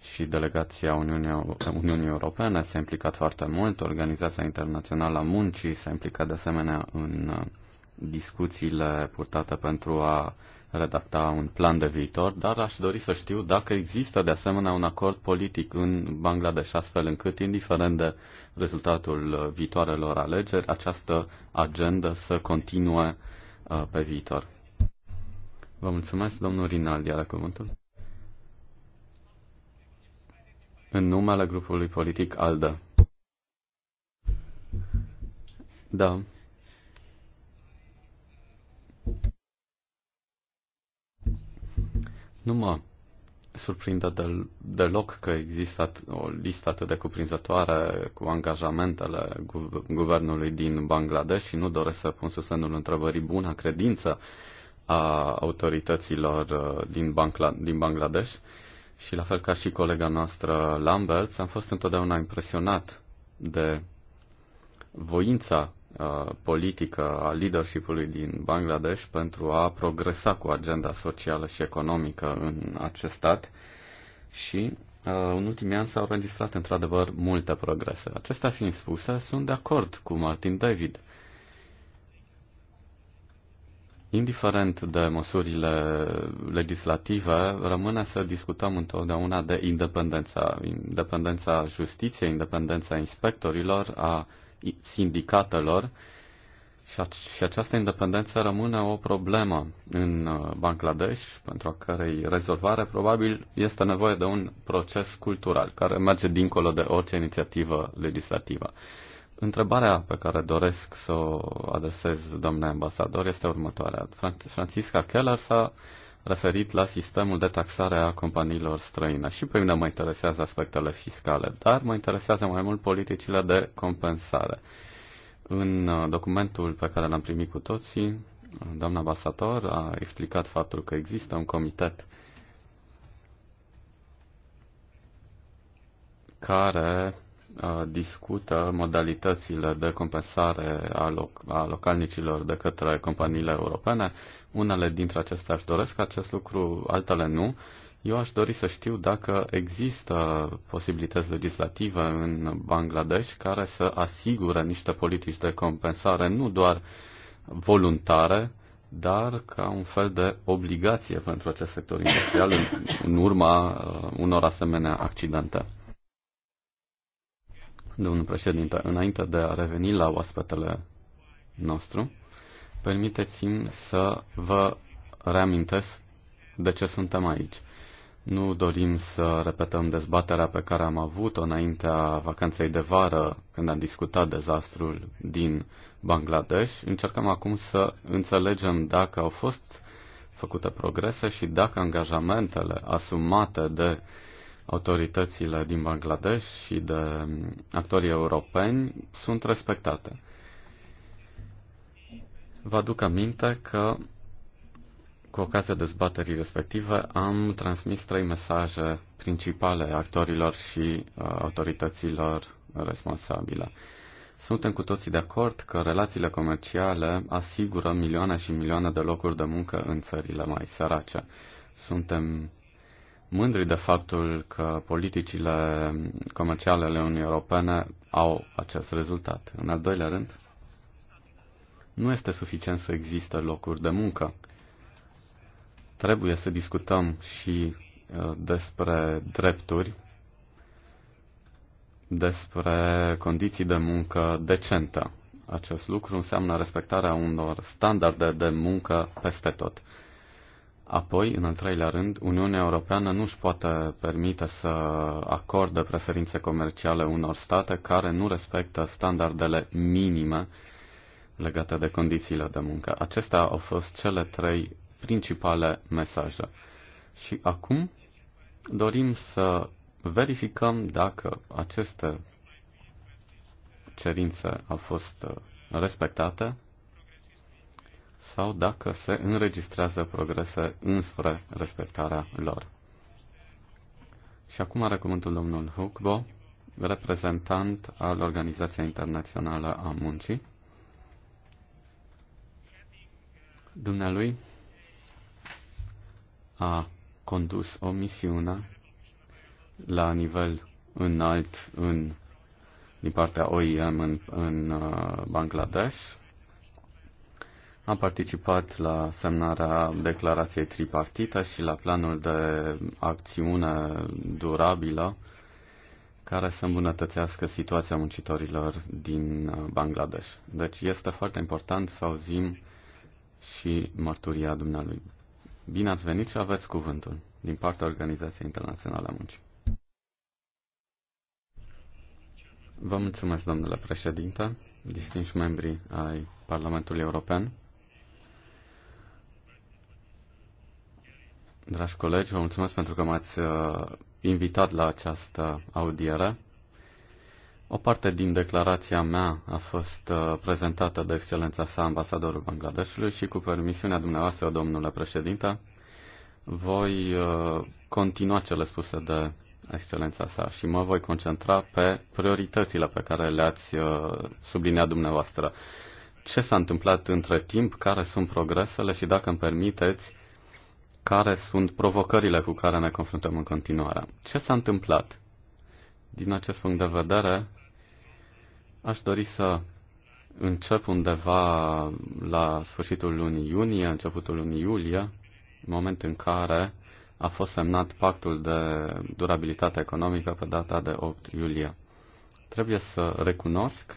și delegația Uniunii, Uniunii Europene s-a implicat foarte mult, Organizația Internațională a Muncii s-a implicat de asemenea în uh, discuțiile purtate pentru a redacta un plan de viitor, dar aș dori să știu dacă există de asemenea un acord politic în Bangladesh, astfel încât, indiferent de rezultatul viitoarelor alegeri, această agendă să continue uh, pe viitor. Vă mulțumesc, domnul Rinaldi, are cuvântul. În numele grupului politic ALDE. Da. Nu mă surprinde del, deloc că există o listă atât de cuprinzătoare cu angajamentele guvernului din Bangladesh și nu doresc să pun sub semnul întrebării buna credință a autorităților uh, din, Bangla- din Bangladesh. Și la fel ca și colega noastră Lambert, am fost întotdeauna impresionat de voința Uh, politică a leadershipului din Bangladesh pentru a progresa cu agenda socială și economică în acest stat și uh, în ultimii ani s-au înregistrat într-adevăr multe progrese. Acestea fiind spuse, sunt de acord cu Martin David. Indiferent de măsurile legislative, rămâne să discutăm întotdeauna de independența, independența justiției, independența inspectorilor, a sindicatelor și, și această independență rămâne o problemă în uh, Bangladesh, pentru a cărei rezolvare probabil este nevoie de un proces cultural care merge dincolo de orice inițiativă legislativă. Întrebarea pe care doresc să o adresez, domnule ambasador, este următoarea. Francisca Keller s-a uh, referit la sistemul de taxare a companiilor străine. Și pe mine mă interesează aspectele fiscale, dar mă interesează mai mult politicile de compensare. În uh, documentul pe care l-am primit cu toții, doamna Basator a explicat faptul că există un comitet care Uh, discută modalitățile de compensare a, loc, a localnicilor de către companiile europene. Unele dintre acestea își doresc acest lucru, altele nu. Eu aș dori să știu dacă există posibilități legislative în Bangladesh care să asigure niște politici de compensare nu doar voluntare, dar ca un fel de obligație pentru acest sector industrial în, în urma uh, unor asemenea accidente domnul președinte, înainte de a reveni la oaspetele nostru, permiteți-mi să vă reamintesc de ce suntem aici. Nu dorim să repetăm dezbaterea pe care am avut-o înaintea vacanței de vară, când am discutat dezastrul din Bangladesh. Încercăm acum să înțelegem dacă au fost făcute progrese și dacă angajamentele asumate de uh, autoritățile din Bangladesh și de actorii europeni sunt respectate. Vă aduc aminte că cu ocazia dezbaterii respective am transmis trei mesaje principale actorilor și uh, autorităților responsabile. Suntem cu toții de acord că relațiile comerciale asigură milioane și milioane de locuri de muncă în țările mai sărace. Suntem mândri de faptul că politicile comerciale ale Uniunii Europene au acest rezultat. În al doilea rând, nu este suficient să există locuri de muncă. Trebuie să discutăm și uh, despre drepturi, despre condiții de muncă decentă. Acest lucru înseamnă respectarea unor standarde de muncă peste tot. Apoi, în al treilea rând, Uniunea Europeană nu își poate permite să acorde preferințe comerciale unor state care nu respectă standardele minime legate de condițiile de muncă. Acestea au fost cele trei principale mesaje. Și acum dorim să verificăm dacă aceste cerințe au fost respectate sau dacă se înregistrează progrese înspre respectarea lor. Și acum are cuvântul domnul Hukbo, reprezentant al Organizației Internațională a Muncii. Dumnealui a condus o misiune la nivel înalt în, din partea OIM în, în uh, Bangladesh am participat la semnarea declarației tripartite și la planul de acțiune durabilă care să îmbunătățească situația muncitorilor din Bangladesh. Deci este foarte important să auzim și mărturia dumnealui. Bine ați venit și aveți cuvântul din partea Organizației Internaționale a Muncii. Vă mulțumesc, domnule președinte, distinși membri ai Parlamentului European. Dragi colegi, vă mulțumesc pentru că m-ați uh, invitat la această audiere. O parte din declarația mea a fost uh, prezentată de excelența sa ambasadorul Bangladeshului și cu permisiunea dumneavoastră, domnule președinte, voi uh, continua cele spuse de excelența sa și mă voi concentra pe prioritățile pe care le-ați subliniat dumneavoastră. Ce s-a întâmplat între timp, care sunt progresele și, dacă îmi permiteți, care sunt provocările cu care ne confruntăm în continuare. Ce s-a întâmplat? Din acest punct de vedere, aș dori să încep undeva la sfârșitul lunii iunie, începutul lunii iulie, moment în care a fost semnat pactul de durabilitate economică pe data de 8 iulie. Trebuie să recunosc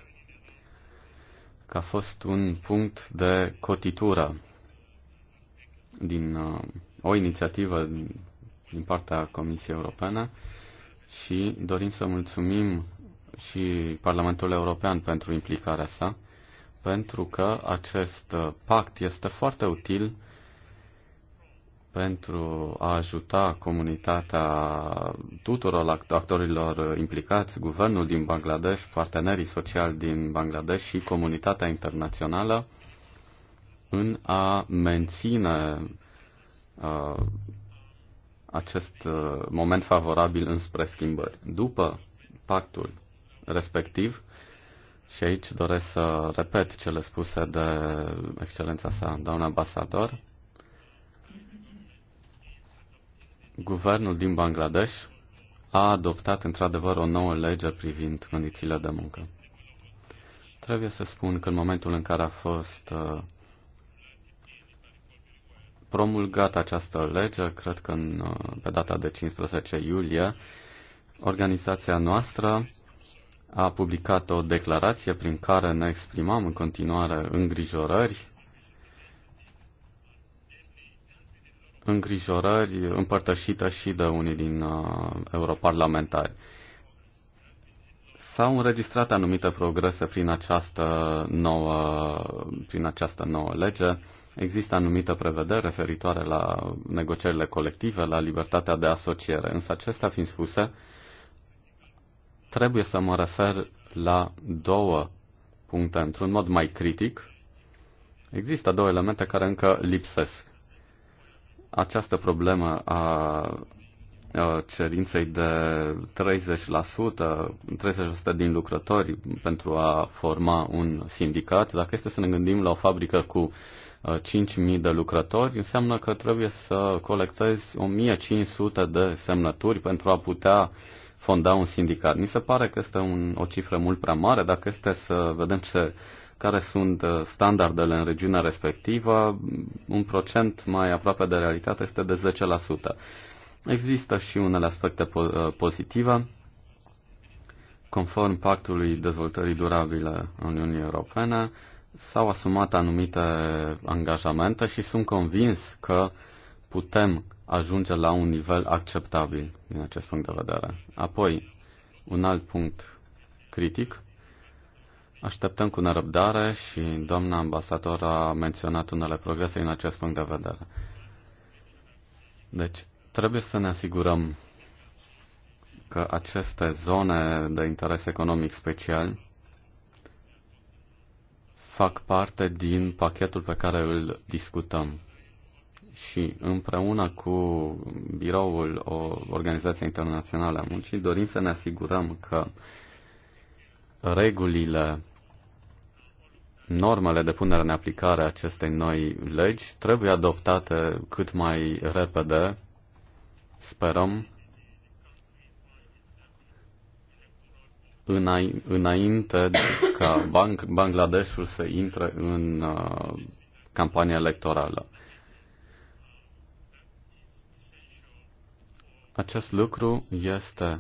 că a fost un punct de cotitură din uh, o inițiativă din partea Comisiei Europene și dorim să mulțumim și Parlamentul European pentru implicarea sa, pentru că acest uh, pact este foarte util pentru a ajuta comunitatea tuturor actorilor implicați, guvernul din Bangladesh, partenerii sociali din Bangladesh și comunitatea internațională în a menține Uh, acest uh, moment favorabil înspre schimbări. După pactul respectiv, și aici doresc să repet cele spuse de excelența sa, doamna ambasador, guvernul din Bangladesh a adoptat într-adevăr o nouă lege privind condițiile de muncă. Trebuie să spun că în momentul în care a fost uh, promulgat această lege, cred că în, uh, pe data de 15 iulie, organizația noastră a publicat o declarație prin care ne exprimam în continuare îngrijorări, îngrijorări împărtășite și de unii din uh, europarlamentari. S-au înregistrat anumite progrese prin această nouă, prin această nouă lege Există anumită prevedere referitoare la negocierile colective, la libertatea de asociere, însă acestea fiind spuse, trebuie să mă refer la două puncte într-un mod mai critic. Există două elemente care încă lipsesc. Această problemă a cerinței de 30%, 30% din lucrători pentru a forma un sindicat, dacă este să ne gândim la o fabrică cu 5.000 uh, de lucrători, înseamnă că trebuie să colectezi 1.500 de semnături pentru a putea fonda un sindicat. Mi se pare că este un, o cifră mult prea mare. Dacă este să vedem ce, care sunt uh, standardele în regiunea respectivă, un procent mai aproape de realitate este de 10%. Există și unele aspecte po- uh, pozitive. Conform Pactului Dezvoltării Durabile a Uniunii Europene, s-au asumat anumite angajamente și sunt convins că putem ajunge la un nivel acceptabil din acest punct de vedere. Apoi, un alt punct critic. Așteptăm cu nerăbdare și doamna ambasador a menționat unele progrese în acest punct de vedere. Deci, trebuie să ne asigurăm că aceste zone de interes economic special fac parte din pachetul pe care îl discutăm. Și împreună cu biroul o Organizației Internaționale a Muncii dorim să ne asigurăm că regulile, normele de punere în aplicare a acestei noi legi trebuie adoptate cât mai repede, sperăm, înainte ca Bangladeshul să intre în uh, campania electorală. Acest lucru este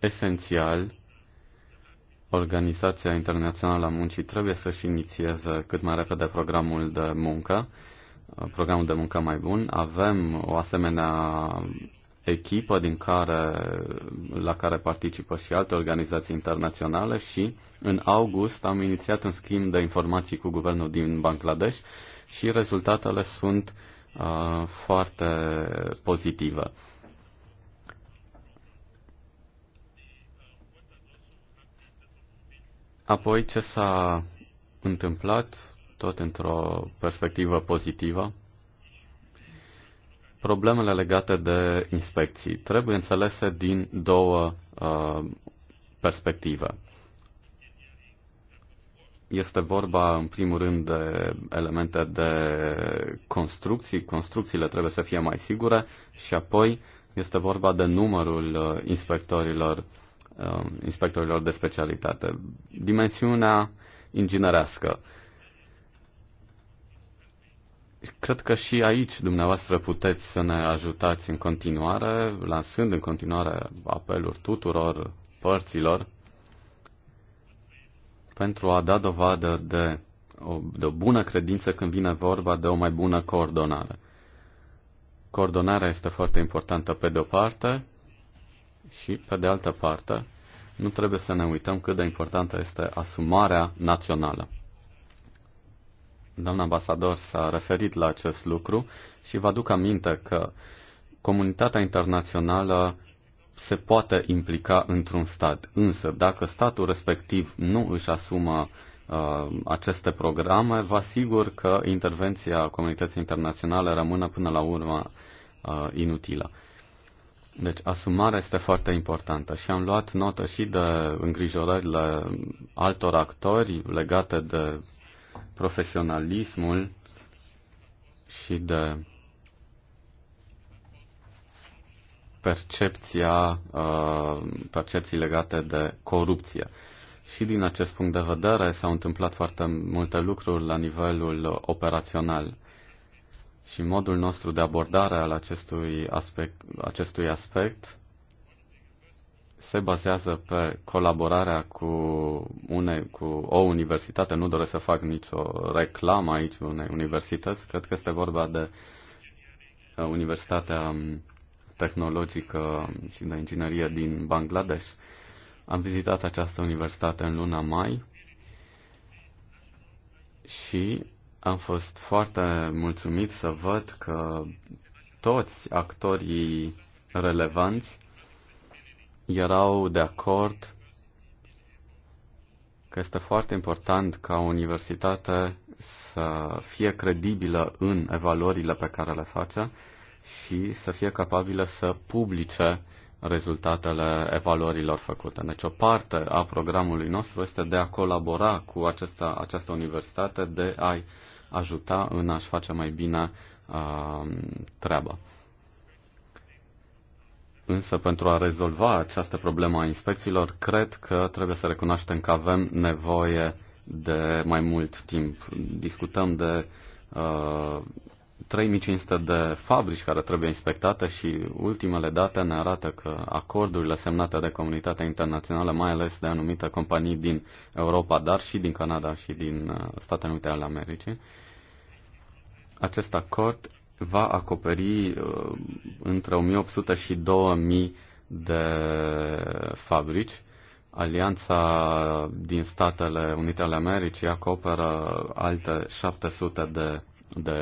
esențial. Organizația Internațională a Muncii trebuie să-și inițieze cât mai repede programul de muncă, uh, programul de muncă mai bun. Avem o asemenea echipă din care, la care participă și alte organizații internaționale și în august am inițiat un schimb de informații cu guvernul din Bangladesh și rezultatele sunt uh, foarte pozitive. Apoi ce s-a întâmplat, tot într-o perspectivă pozitivă, Problemele legate de inspecții trebuie înțelese din două uh, perspective. Este vorba, în primul rând, de elemente de construcții. Construcțiile trebuie să fie mai sigure și apoi este vorba de numărul uh, inspectorilor, uh, inspectorilor de specialitate. Dimensiunea inginerească. Uh, Cred că și aici dumneavoastră puteți să ne ajutați în continuare, lansând în continuare apeluri tuturor părților pentru a da dovadă de o, de o bună credință când vine vorba de o mai bună coordonare. Coordonarea este foarte importantă pe de-o parte și pe de altă parte nu trebuie să ne uităm cât de importantă este asumarea națională. Domnul ambasador s-a referit la acest lucru și vă aduc aminte că comunitatea internațională se poate implica într-un stat, însă dacă statul respectiv nu își asumă uh, aceste programe, vă asigur că intervenția comunității internaționale rămână până la urmă uh, inutilă. Deci asumarea este foarte importantă și am luat notă și de îngrijorările altor actori legate de profesionalismul și de percepția, uh, percepții legate de corupție. Și din acest punct de vedere s-au întâmplat foarte multe lucruri la nivelul operațional. Și modul nostru de abordare al acestui aspect, acestui aspect se bazează pe colaborarea cu, une, cu o universitate. Nu doresc să fac nicio reclamă aici unei universități. Cred că este vorba de uh, Universitatea um, Tehnologică și de Inginerie din Bangladesh. Am vizitat această universitate în luna mai și am fost foarte mulțumit să văd că toți actorii relevanți erau de acord că este foarte important ca universitatea să fie credibilă în evaluările pe care le face și să fie capabilă să publice rezultatele evaluărilor făcute. Deci o parte a programului nostru este de a colabora cu această, această universitate, de a-i ajuta în a-și face mai bine uh, treaba. Însă pentru a rezolva această problemă a inspecțiilor, cred că trebuie să recunoaștem că avem nevoie de mai mult timp. Discutăm de uh, 3500 de fabrici care trebuie inspectate și ultimele date ne arată că acordurile semnate de comunitatea internațională, mai ales de anumite companii din Europa, dar și din Canada și din uh, Statele Unite ale Americii, acest acord va acoperi uh, între 1800 și 2000 de fabrici. Alianța din Statele Unite ale Americii acoperă alte 700 de, de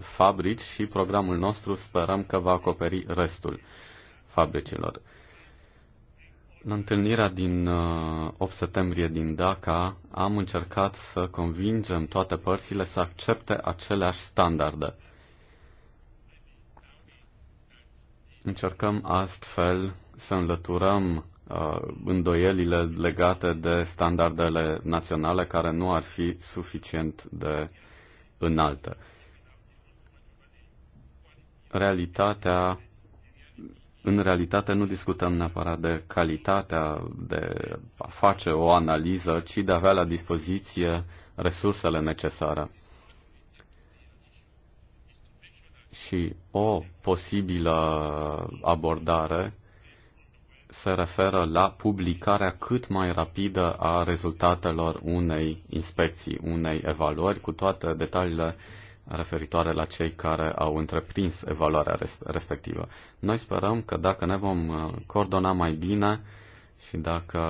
fabrici și programul nostru sperăm că va acoperi restul fabricilor. În întâlnirea din 8 uh, septembrie din Dhaka am încercat să convingem toate părțile să accepte aceleași standarde Încercăm astfel să înlăturăm uh, îndoielile legate de standardele naționale care nu ar fi suficient de înalte. Realitatea în realitate nu discutăm neapărat de calitatea de a face o analiză, ci de a avea la dispoziție resursele necesare. Și o posibilă abordare se referă la publicarea cât mai rapidă a rezultatelor unei inspecții, unei evaluări, cu toate detaliile referitoare la cei care au întreprins evaluarea respectivă. Noi sperăm că dacă ne vom uh, coordona mai bine, și dacă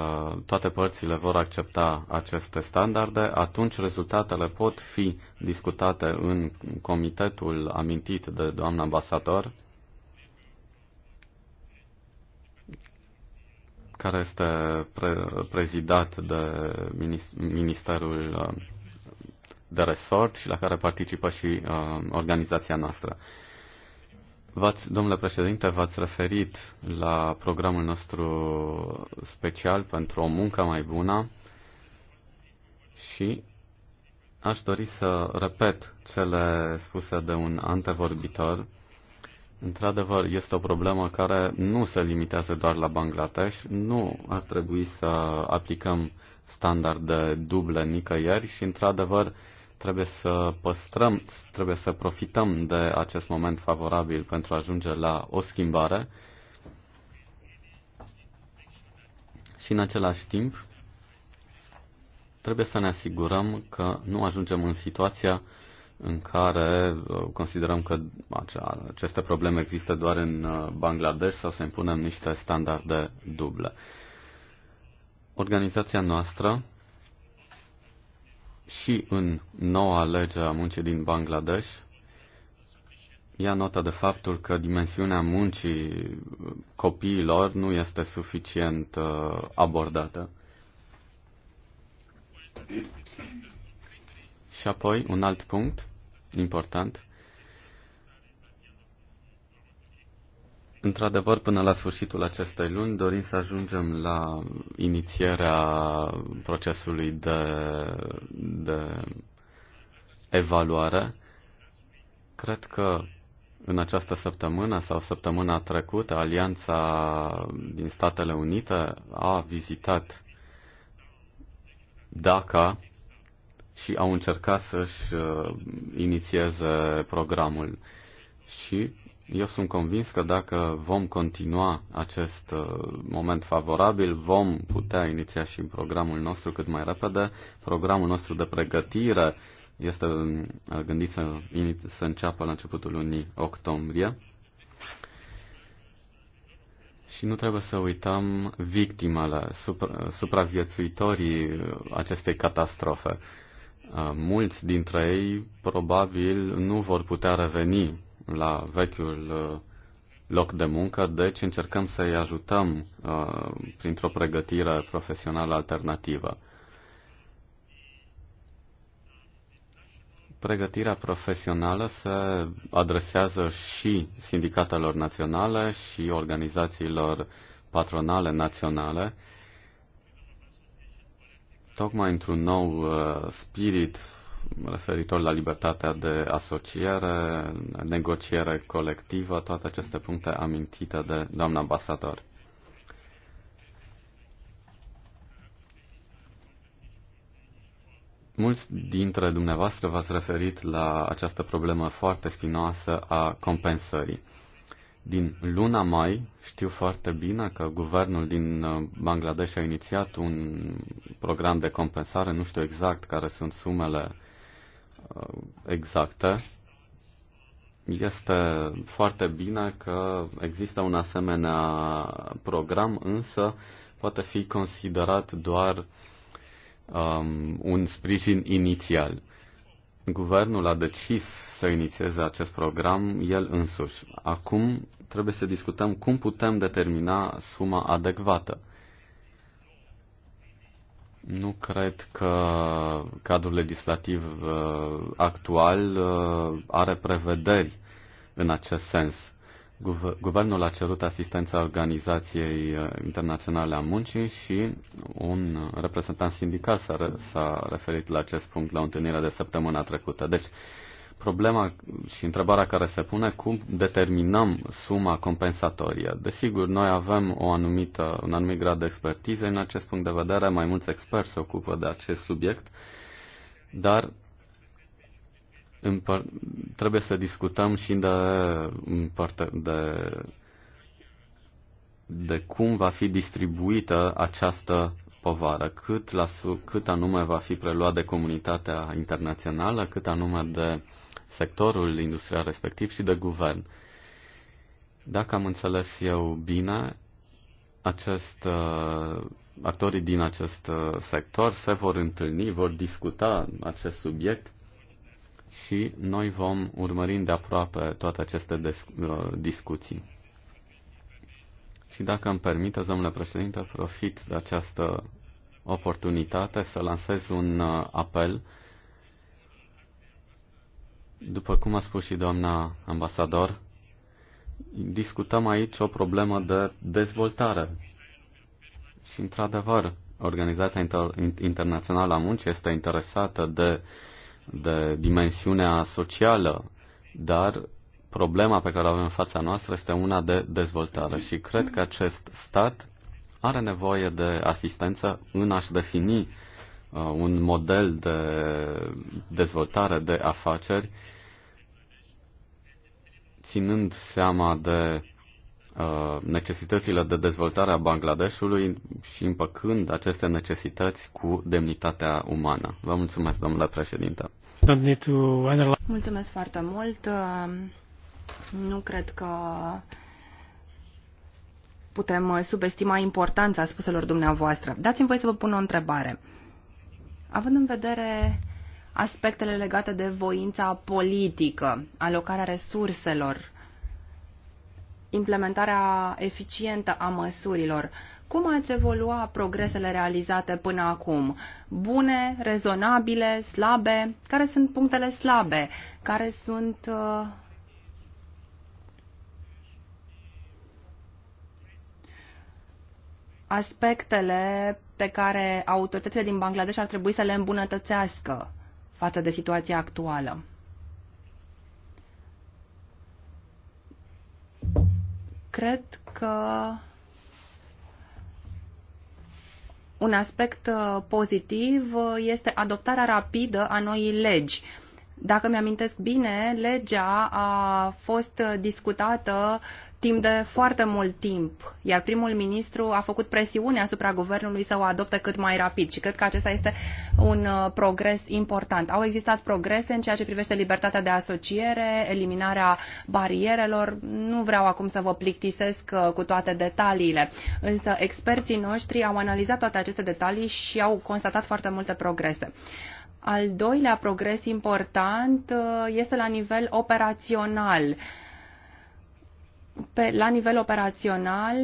toate părțile vor accepta aceste standarde, atunci rezultatele pot fi discutate în comitetul amintit de doamna ambasador, care este pre- prezidat de Ministerul uh, de Resort și la care participă și uh, organizația noastră. V-ați, domnule președinte, v-ați referit la programul nostru special pentru o muncă mai bună și aș dori să repet cele spuse de un antevorbitor. Într-adevăr, este o problemă care nu se limitează doar la Bangladesh. Nu ar trebui să aplicăm standarde duble nicăieri și, într-adevăr, Trebuie să păstrăm, trebuie să profităm de acest moment favorabil pentru a ajunge la o schimbare și în același timp trebuie să ne asigurăm că nu ajungem în situația în care uh, considerăm că aceste probleme există doar în uh, Bangladesh sau să impunem niște standarde duble. Organizația noastră și în noua lege a muncii din Bangladesh ia notă de faptul că dimensiunea muncii copiilor nu este suficient uh, abordată. Și apoi, un alt punct important Într-adevăr, până la sfârșitul acestei luni dorim să ajungem la inițierea procesului de, de evaluare. Cred că în această săptămână sau săptămâna trecută, Alianța din Statele Unite a vizitat DACA și au încercat să-și uh, inițieze programul. Și eu sunt convins că dacă vom continua acest uh, moment favorabil, vom putea iniția și programul nostru cât mai repede. Programul nostru de pregătire este uh, gândit să, să înceapă la începutul lunii octombrie. Și nu trebuie să uităm victimele, supra, supraviețuitorii acestei catastrofe. Uh, mulți dintre ei probabil nu vor putea reveni la vechiul uh, loc de muncă, deci încercăm să-i ajutăm uh, printr-o pregătire profesională alternativă. Pregătirea profesională se adresează și sindicatelor naționale și organizațiilor patronale naționale, tocmai într-un nou uh, spirit referitor la libertatea de asociere, negociere colectivă, toate aceste puncte amintite de doamna ambasador. Mulți dintre dumneavoastră v-ați referit la această problemă foarte spinoasă a compensării. Din luna mai știu foarte bine că guvernul din uh, Bangladesh a inițiat un program de compensare, nu știu exact care sunt sumele Uh, exacte, este foarte bine că există un asemenea program, însă poate fi considerat doar um, un sprijin inițial. Guvernul a decis să inițieze acest program el însuși. Acum trebuie să discutăm cum putem determina suma adecvată. Nu cred că cadrul legislativ uh, actual uh, are prevederi în acest sens. Guvernul a cerut asistența Organizației uh, Internaționale a Muncii și un reprezentant sindical s-a, referit la acest punct la întâlnirea de săptămâna trecută. Deci, problema și întrebarea care se pune, cum determinăm suma compensatorie? Desigur, noi avem o anumită, un anumit grad de expertiză în acest punct de vedere, mai mulți experți se ocupă de acest subiect, dar trebuie să discutăm și de, de, de cum va fi distribuită această povară, cât, la, cât anume va fi preluat de comunitatea internațională, cât anume de sectorul industrial respectiv și de guvern. Dacă am înțeles eu bine, acest, uh, actorii din acest uh, sector se vor întâlni, vor discuta acest subiect și noi vom urmări de aproape toate aceste uh, discuții. Și dacă îmi permite, domnule președinte, profit de această oportunitate să lansez un apel după cum a spus și doamna ambasador, discutăm aici o problemă de dezvoltare. Și, într-adevăr, Organizația Inter- Internațională a Muncii este interesată de, de dimensiunea socială, dar problema pe care o avem în fața noastră este una de dezvoltare și cred că acest stat are nevoie de asistență în a-și defini uh, un model de dezvoltare de afaceri ținând seama de uh, necesitățile de dezvoltare a Bangladeshului și împăcând aceste necesități cu demnitatea umană. Vă mulțumesc, domnule președinte. Mulțumesc foarte mult. Uh, nu cred că putem subestima importanța spuselor dumneavoastră. Dați-mi voi să vă pun o întrebare. Având în vedere aspectele legate de voința politică, alocarea resurselor, implementarea eficientă a măsurilor. Cum ați evolua progresele realizate până acum? Bune, rezonabile, slabe? Care sunt punctele slabe? Care sunt uh, aspectele pe care autoritățile din Bangladesh ar trebui să le îmbunătățească? față de situația actuală. Cred că un aspect uh, pozitiv uh, este adoptarea rapidă a noii legi dacă mi-amintesc bine, legea a fost discutată timp de foarte mult timp, iar primul ministru a făcut presiune asupra guvernului să o adopte cât mai rapid și cred că acesta este un uh, progres important. Au existat progrese în ceea ce privește libertatea de asociere, eliminarea barierelor. Nu vreau acum să vă plictisesc uh, cu toate detaliile, însă experții noștri au analizat toate aceste detalii și au constatat foarte multe progrese. Al doilea progres important uh, este la nivel operațional. Pe, la nivel operațional,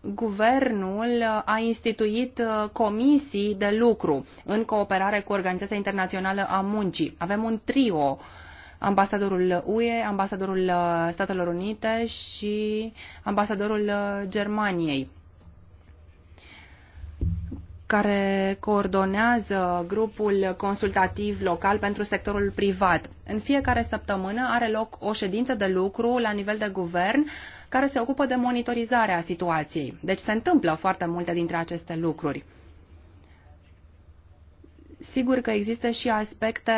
guvernul uh, a instituit uh, comisii de lucru în cooperare cu Organizația Internațională a Muncii. Avem un trio, ambasadorul UE, ambasadorul Statelor Unite și ambasadorul Germaniei care coordonează grupul consultativ local pentru sectorul privat. În fiecare săptămână are loc o ședință de lucru la nivel de guvern care se ocupă de monitorizarea situației. Deci se întâmplă foarte multe dintre aceste lucruri. Sigur că există și aspecte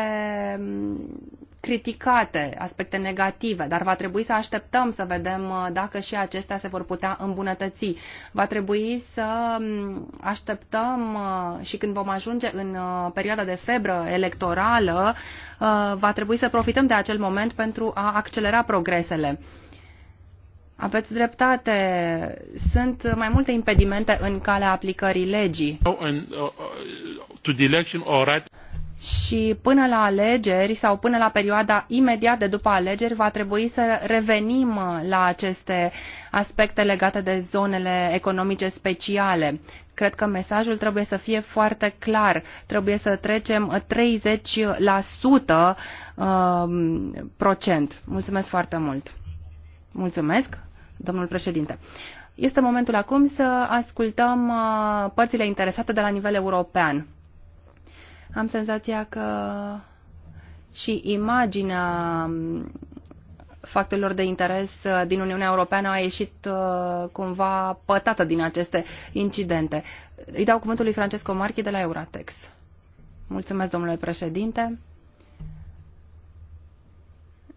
criticate, aspecte negative, dar va trebui să așteptăm să vedem uh, dacă și acestea se vor putea îmbunătăți. Va trebui să mm, așteptăm uh, și când vom ajunge în uh, perioada de febră electorală, va trebui să profităm de acel moment pentru a accelera progresele. Aveți dreptate. Sunt mai multe impedimente în calea aplicării legii și până la alegeri sau până la perioada imediat de după alegeri va trebui să revenim uh, la aceste aspecte legate de zonele economice speciale. Cred că mesajul trebuie să fie foarte clar. Trebuie să trecem 30% uh, um, procent. Mulțumesc foarte mult. Mulțumesc, domnul președinte. Este momentul acum să ascultăm uh, părțile interesate de la nivel european. Am senzația că și imaginea factorilor de interes din Uniunea Europeană a ieșit uh, cumva pătată din aceste incidente. Îi dau cuvântul lui Francesco Marchi de la Euratex. Mulțumesc, domnule președinte.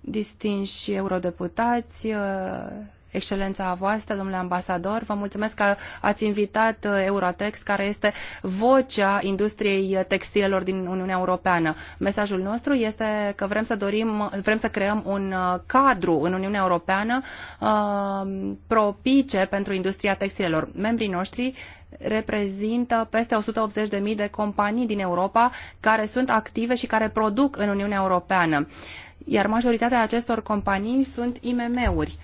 Distinși eurodeputați, uh, excelența voastră, domnule ambasador. Vă mulțumesc că ați invitat uh, Eurotex, care este vocea industriei textilelor din Uniunea Europeană. Mesajul nostru este că vrem să dorim, vrem să creăm un uh, cadru în Uniunea Europeană uh, propice pentru industria textilelor. Membrii noștri reprezintă peste 180.000 de companii din Europa care sunt active și care produc în Uniunea Europeană, iar majoritatea acestor companii sunt IMM-uri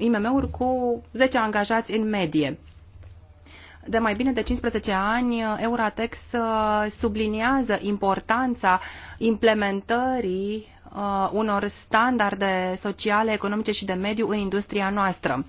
IMM-uri cu 10 angajați în medie. De mai bine de 15 ani, Euratex uh, subliniază importanța implementării uh, unor standarde sociale, economice și de mediu în industria noastră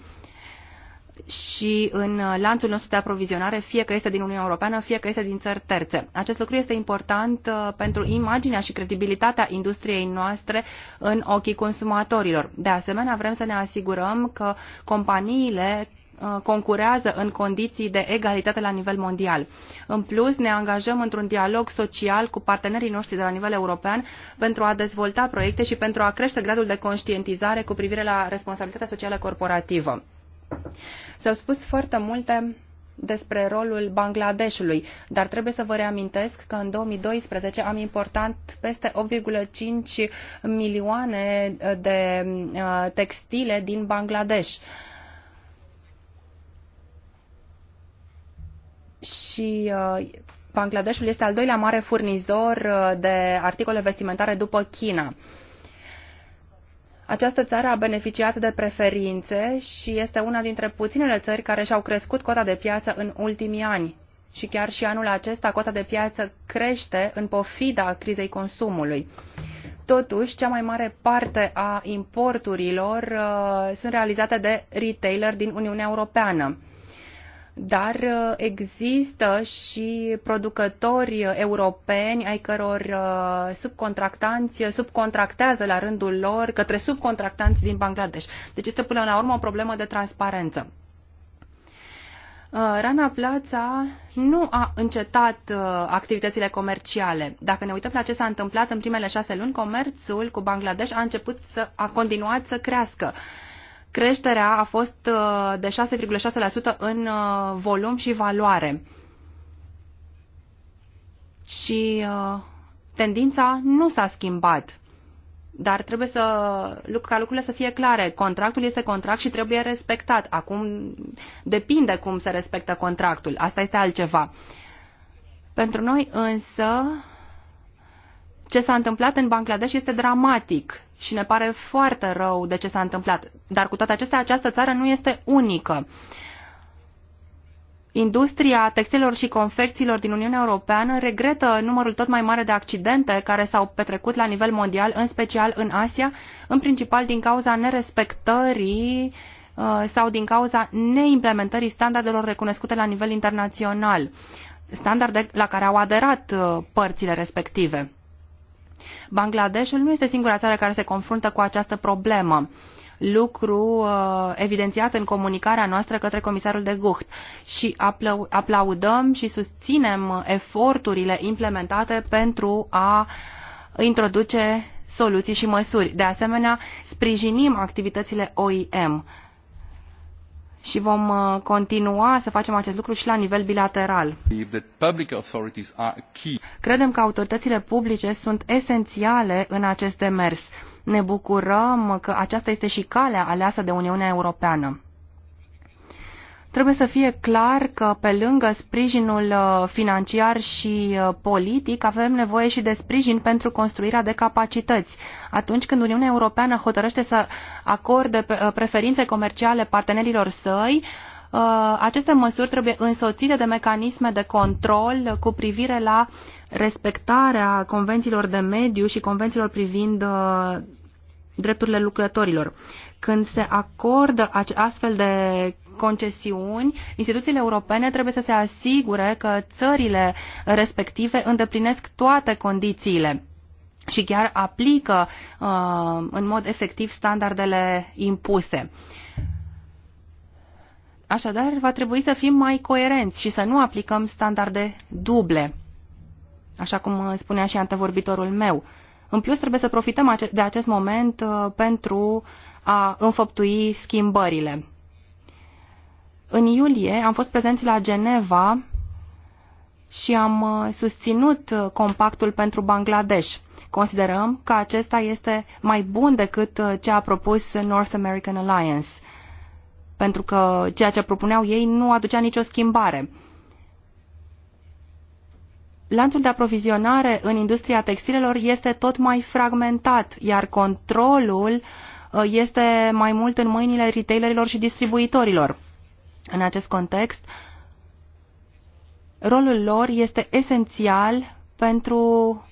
și în uh, lanțul nostru de aprovizionare, fie că este din Uniunea Europeană, fie că este din țări terțe. Acest lucru este important uh, pentru imaginea și credibilitatea industriei noastre în ochii consumatorilor. De asemenea, vrem să ne asigurăm că companiile uh, concurează în condiții de egalitate la nivel mondial. În plus, ne angajăm într-un dialog social cu partenerii noștri de la nivel european pentru a dezvolta proiecte și pentru a crește gradul de conștientizare cu privire la responsabilitatea socială corporativă. S-au spus foarte multe despre rolul Bangladeshului, dar trebuie să vă reamintesc că în 2012 am importat peste 8,5 milioane uh, de uh, textile din Bangladesh. Și uh, Bangladeshul este al doilea mare furnizor de articole vestimentare după China. Această țară a beneficiat de preferințe și este una dintre puținele țări care și-au crescut cota de piață în ultimii ani. Și chiar și anul acesta cota de piață crește în pofida crizei consumului. Totuși, cea mai mare parte a importurilor uh, sunt realizate de retailer din Uniunea Europeană dar uh, există și producători europeni ai căror uh, subcontractanți subcontractează la rândul lor către subcontractanți din Bangladesh. Deci este până la urmă o problemă de transparență. Uh, Rana Plața nu a încetat activitățile comerciale. Dacă ne uităm la ce s-a întâmplat în primele șase luni, comerțul cu Bangladesh a început să a continuat să crească. Uh, creșterea a fost uh, de 6,6% în uh, volum și valoare. Și uh, tendința nu s-a schimbat. Dar trebuie să, ca lucrurile să fie clare. Contractul este contract și trebuie respectat. Acum depinde cum se respectă contractul. Asta este altceva. Pentru noi însă, ce s-a întâmplat în Bangladesh este dramatic și ne pare foarte rău de ce s-a întâmplat. Dar cu toate acestea, această țară nu este unică. Industria textilor și confecțiilor din Uniunea Europeană regretă numărul tot mai mare de accidente care s-au petrecut la nivel mondial, în special în Asia, în principal din cauza nerespectării uh, sau din cauza neimplementării standardelor recunoscute la nivel internațional, standarde la care au aderat uh, părțile respective. Bangladeshul nu este singura țară care se confruntă cu această problemă lucru uh, evidențiat în comunicarea noastră către comisarul de Gucht și aplaudăm și susținem eforturile implementate pentru a introduce soluții și măsuri. De asemenea, sprijinim activitățile OIM și vom uh, continua să facem acest lucru și la nivel bilateral. Credem că autoritățile publice sunt esențiale în acest demers. Ne bucurăm că aceasta este și calea aleasă de Uniunea Europeană. Trebuie să fie clar că pe lângă sprijinul uh, financiar și uh, politic avem nevoie și de sprijin pentru construirea de capacități. Atunci când Uniunea Europeană hotărăște să acorde uh, preferințe comerciale partenerilor săi, aceste măsuri trebuie însoțite de mecanisme de control cu privire la respectarea convențiilor de mediu și convențiilor privind drepturile lucrătorilor. Când se acordă astfel de concesiuni, instituțiile europene trebuie să se asigure că țările respective îndeplinesc toate condițiile și chiar aplică uh, în mod efectiv standardele impuse. Așadar, va trebui să fim mai coerenți și să nu aplicăm standarde duble, așa cum uh, spunea și antevorbitorul meu. În plus, trebuie să profităm de acest moment uh, pentru a înfăptui schimbările. În iulie am fost prezenți la Geneva și am uh, susținut uh, compactul pentru Bangladesh. Considerăm că acesta este mai bun decât uh, ce a propus North American Alliance, pentru că ceea ce propuneau ei nu aducea nicio schimbare. Lanțul de aprovizionare în industria textilelor este tot mai fragmentat, iar controlul este mai mult în mâinile retailerilor și distribuitorilor. În acest context, rolul lor este esențial pentru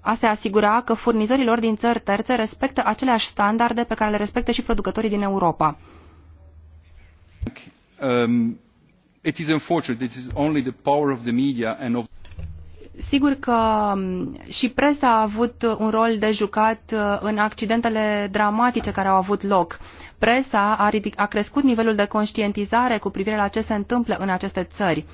a se asigura că furnizorii lor din țări terțe respectă aceleași standarde pe care le respectă și producătorii din Europa. Um, Sigur că um, și presa a avut un rol de jucat uh, în accidentele dramatice care au avut loc presa a, ridic, a crescut nivelul de conștientizare cu privire la ce se întâmplă în aceste țări.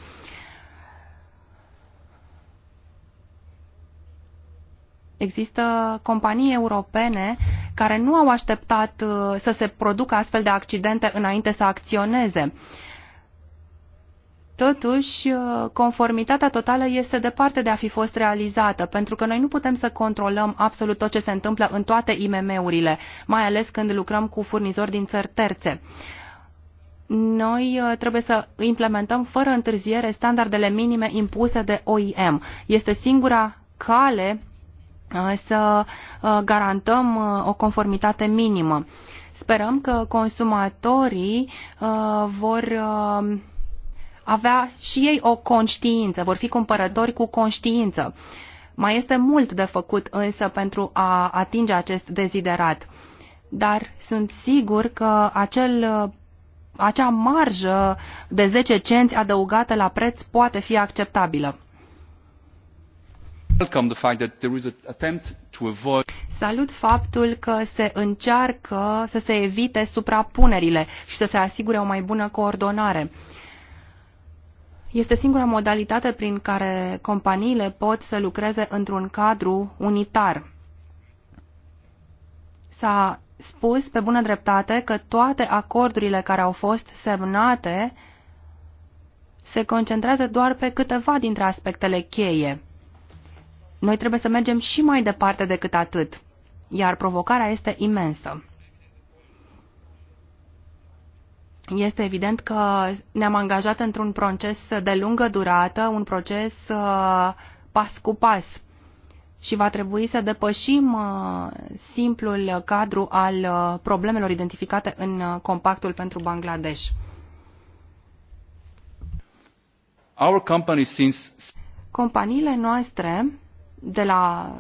Există companii europene care nu au așteptat uh, să se producă astfel de accidente înainte să acționeze. Uh, Totuși, uh, conformitatea totală este departe de a fi fost realizată, pentru că noi nu putem să controlăm absolut tot ce se întâmplă în toate IMM-urile, mai ales când lucrăm cu furnizori din țări terțe. Noi uh, trebuie să implementăm fără întârziere standardele minime impuse de OIM. Este singura cale uh, să garantăm o conformitate minimă. Sperăm că consumatorii vor avea și ei o conștiință, vor fi cumpărători cu conștiință. Mai este mult de făcut însă pentru a atinge acest deziderat. Dar sunt sigur că acel, acea marjă de 10 cenți adăugată la preț poate fi acceptabilă. Salut faptul că se încearcă să se evite suprapunerile și să se asigure o mai bună coordonare. Este singura modalitate prin care companiile pot să lucreze într-un cadru unitar. S-a spus pe bună dreptate că toate acordurile care au fost semnate se concentrează doar pe câteva dintre aspectele cheie. Noi trebuie să mergem și mai departe decât atât, iar provocarea este imensă. Este evident că ne-am angajat într-un proces de lungă durată, un proces uh, pas cu pas și va trebui să depășim uh, simplul cadru al uh, problemelor identificate în compactul pentru Bangladesh. Our company since... Companiile noastre de la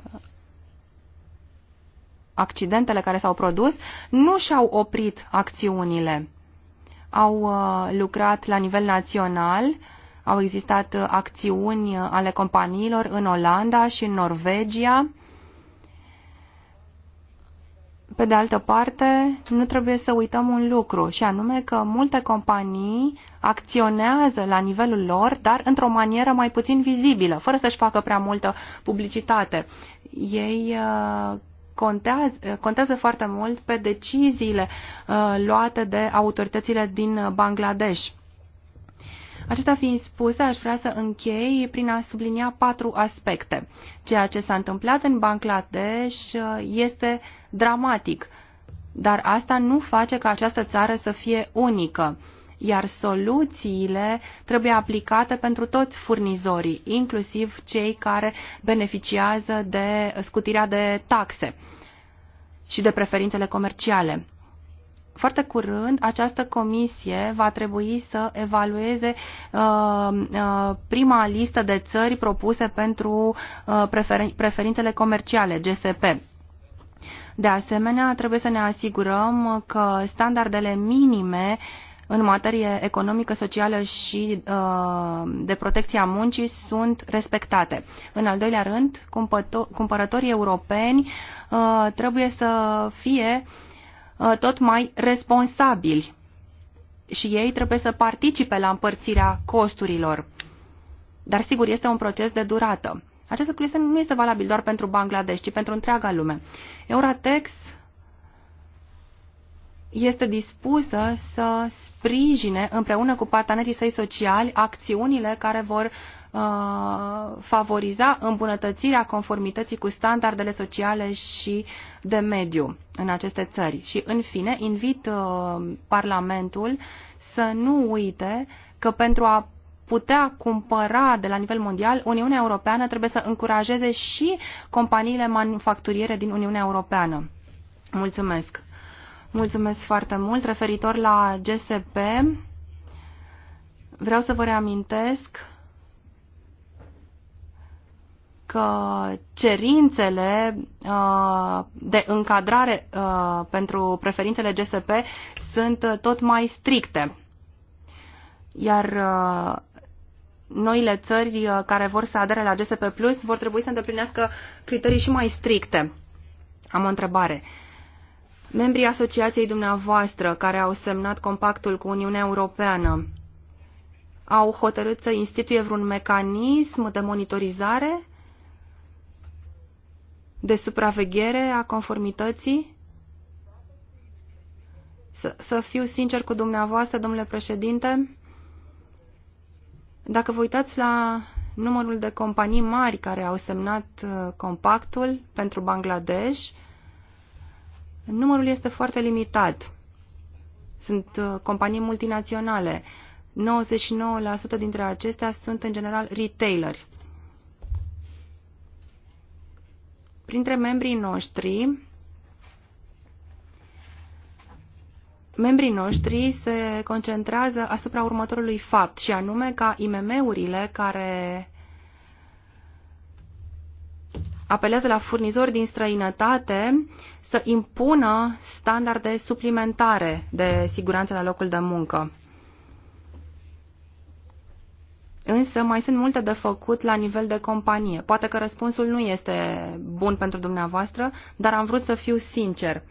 accidentele care s-au produs nu și-au oprit acțiunile au uh, lucrat la nivel național, au existat uh, acțiuni uh, ale companiilor în Olanda și în Norvegia. Pe de altă parte, nu trebuie să uităm un lucru, și anume că multe companii acționează la nivelul lor, dar într-o manieră mai puțin vizibilă, fără să-și facă prea multă publicitate. Ei contează, contează foarte mult pe deciziile uh, luate de autoritățile din uh, Bangladesh. Acestea fiind spuse, aș vrea să închei prin a sublinia patru aspecte. Ceea ce s-a întâmplat în Bangladesh uh, este dramatic, dar asta nu face ca această țară să fie unică iar soluțiile trebuie aplicate pentru toți furnizorii, inclusiv cei care beneficiază de scutirea de taxe și de preferințele comerciale. Foarte curând, această comisie va trebui să evalueze uh, uh, prima listă de țări propuse pentru uh, preferin preferințele comerciale, GSP. De asemenea, trebuie să ne asigurăm că standardele minime uh, în materie economică, socială și uh, de a muncii sunt respectate. În al doilea rând, cumpărătorii europeni uh, trebuie să fie uh, tot mai responsabili și ei trebuie să participe la împărțirea costurilor. Dar sigur, este un proces de durată. Acest lucru nu este valabil doar pentru Bangladesh, ci pentru întreaga lume. Euratex este dispusă să sprijine împreună cu partenerii săi sociali acțiunile care vor uh, favoriza îmbunătățirea conformității cu standardele sociale și de mediu în aceste țări. Și, în fine, invit uh, Parlamentul să nu uite că pentru a putea cumpăra de la nivel mondial, Uniunea Europeană trebuie să încurajeze și companiile manufacturiere din Uniunea Europeană. Mulțumesc! Mulțumesc foarte mult. Referitor la GSP, vreau să vă reamintesc că cerințele uh, de încadrare uh, pentru preferințele GSP sunt uh, tot mai stricte. Iar noile țări care vor să adere la GSP Plus vor trebui să îndeplinească criterii și mai stricte. Am o întrebare membrii asociației dumneavoastră care au semnat compactul cu Uniunea Europeană au hotărât să instituie vreun mecanism de monitorizare, de supraveghere a conformității? Să, să fiu sincer cu dumneavoastră, domnule președinte, dacă vă uitați la numărul de companii mari care au semnat uh, compactul pentru Bangladesh, Numărul este foarte limitat. Sunt uh, companii multinaționale. 99% dintre acestea sunt în general retaileri. Printre membrii noștri, membrii noștri se concentrează asupra următorului fapt, și anume ca IMM-urile care apelează la furnizori din străinătate să impună standarde suplimentare de siguranță la locul de muncă. Însă mai sunt multe de făcut la nivel de companie. Poate că răspunsul nu este bun pentru dumneavoastră, dar am vrut să fiu sincer.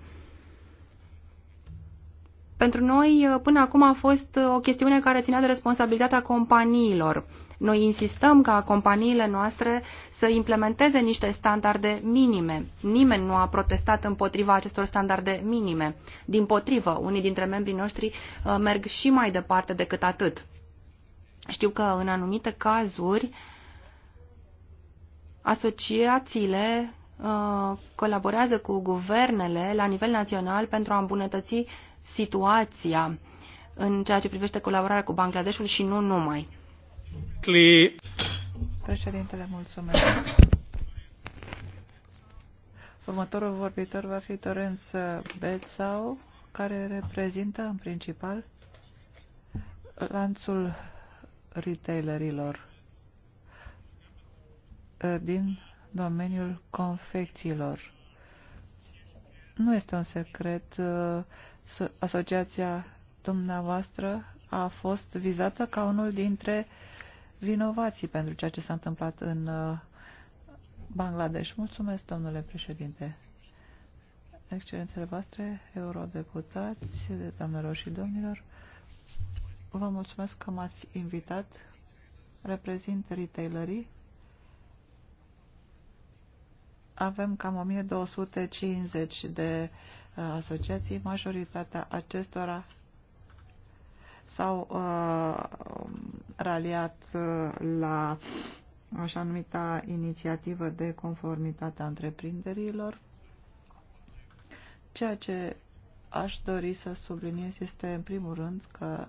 Pentru noi, până acum a fost o chestiune care ținea de responsabilitatea companiilor. Noi insistăm ca companiile noastre să implementeze niște standarde minime. Nimeni nu a protestat împotriva acestor standarde minime. Din potrivă, unii dintre membrii noștri uh, merg și mai departe decât atât. Știu că în anumite cazuri asociațiile uh, colaborează cu guvernele la nivel național pentru a îmbunătăți situația în ceea ce privește colaborarea cu Bangladeshul și nu numai. Președintele, mulțumesc. Următorul vorbitor va fi Torenț Belsau, care reprezintă în principal lanțul retailerilor din domeniul confecțiilor. Nu este un secret, uh, asociația dumneavoastră a fost vizată ca unul dintre uh, vinovații pentru ceea ce s-a întâmplat în uh, Bangladesh. Mulțumesc, domnule președinte. Excelențele voastre, eurodeputați, doamnelor și domnilor, vă mulțumesc că m-ați invitat. Reprezint retailerii. Avem cam 1250 de uh, asociații, majoritatea acestora s-au uh, raliat uh, la așa numita inițiativă de conformitate a întreprinderilor. Ceea ce aș dori să subliniez este, în primul rând, că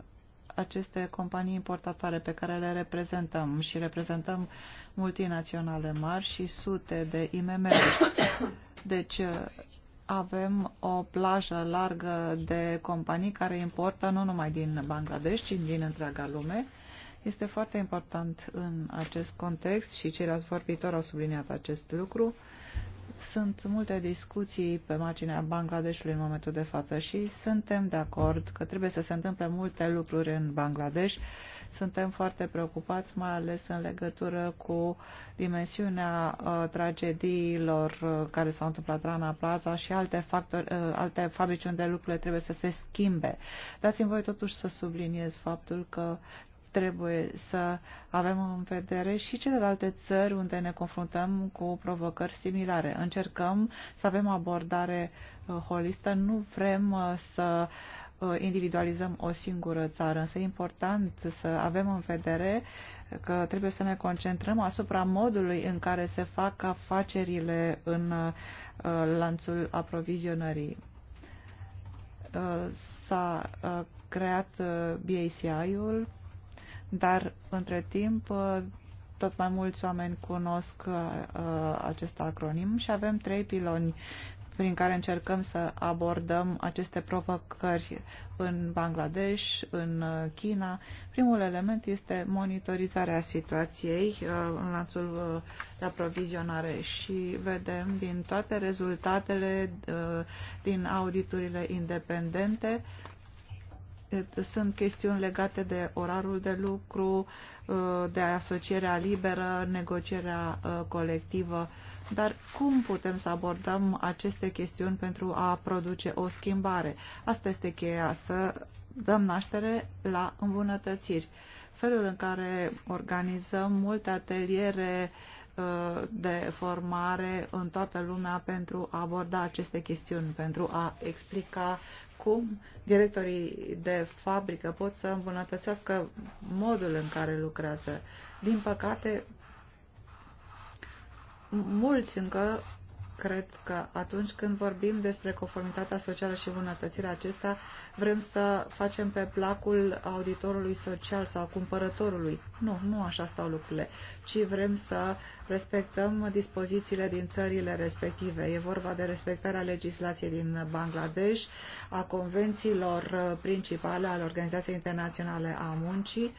aceste companii importatoare pe care le reprezentăm și reprezentăm multinaționale mari și sute de IMM-uri. Deci avem o plajă largă de companii care importă nu numai din Bangladesh, ci din întreaga lume. Este foarte important în acest context și ceilalți vorbitori au subliniat acest lucru. Sunt multe discuții pe marginea Bangladeshului în momentul de față și suntem de acord că trebuie să se întâmple multe lucruri în Bangladesh suntem foarte preocupați, mai ales în legătură cu dimensiunea uh, tragediilor uh, care s-au întâmplat Rana Plaza și alte, factori, uh, alte fabrici unde lucrurile trebuie să se schimbe. Dați-mi voi totuși să subliniez faptul că trebuie să avem în vedere și celelalte țări unde ne confruntăm cu provocări similare. Încercăm să avem abordare uh, holistă, nu vrem uh, să uh, Uh, individualizăm o singură țară, însă e important să avem în vedere că trebuie să ne concentrăm asupra modului în care se fac afacerile în uh, lanțul aprovizionării. Uh, s-a creat BACI-ul, dar între timp tot mai mulți oameni cunosc uh, acest acronim și avem trei piloni prin care încercăm să abordăm aceste provocări în Bangladesh, în uh, China. Primul element este monitorizarea situației uh, în lanțul uh, de aprovizionare și vedem din toate rezultatele din auditurile independente sunt chestiuni legate de orarul de lucru, de asocierea liberă, negocierea colectivă dar cum putem să abordăm aceste chestiuni pentru a produce o schimbare? Asta este cheia, să dăm naștere la îmbunătățiri. Felul în care organizăm multe ateliere uh, de formare în toată lumea pentru a aborda aceste chestiuni, pentru a explica cum directorii de fabrică pot să îmbunătățească modul în care lucrează. Din păcate, mulți încă cred că atunci când vorbim despre conformitatea socială și bunătățirea acesta, vrem să facem pe placul auditorului social sau cumpărătorului. Nu, nu așa stau lucrurile, ci vrem să respectăm dispozițiile din țările respective. E vorba de respectarea legislației din Bangladesh, a convențiilor principale ale Organizației Internaționale a Muncii,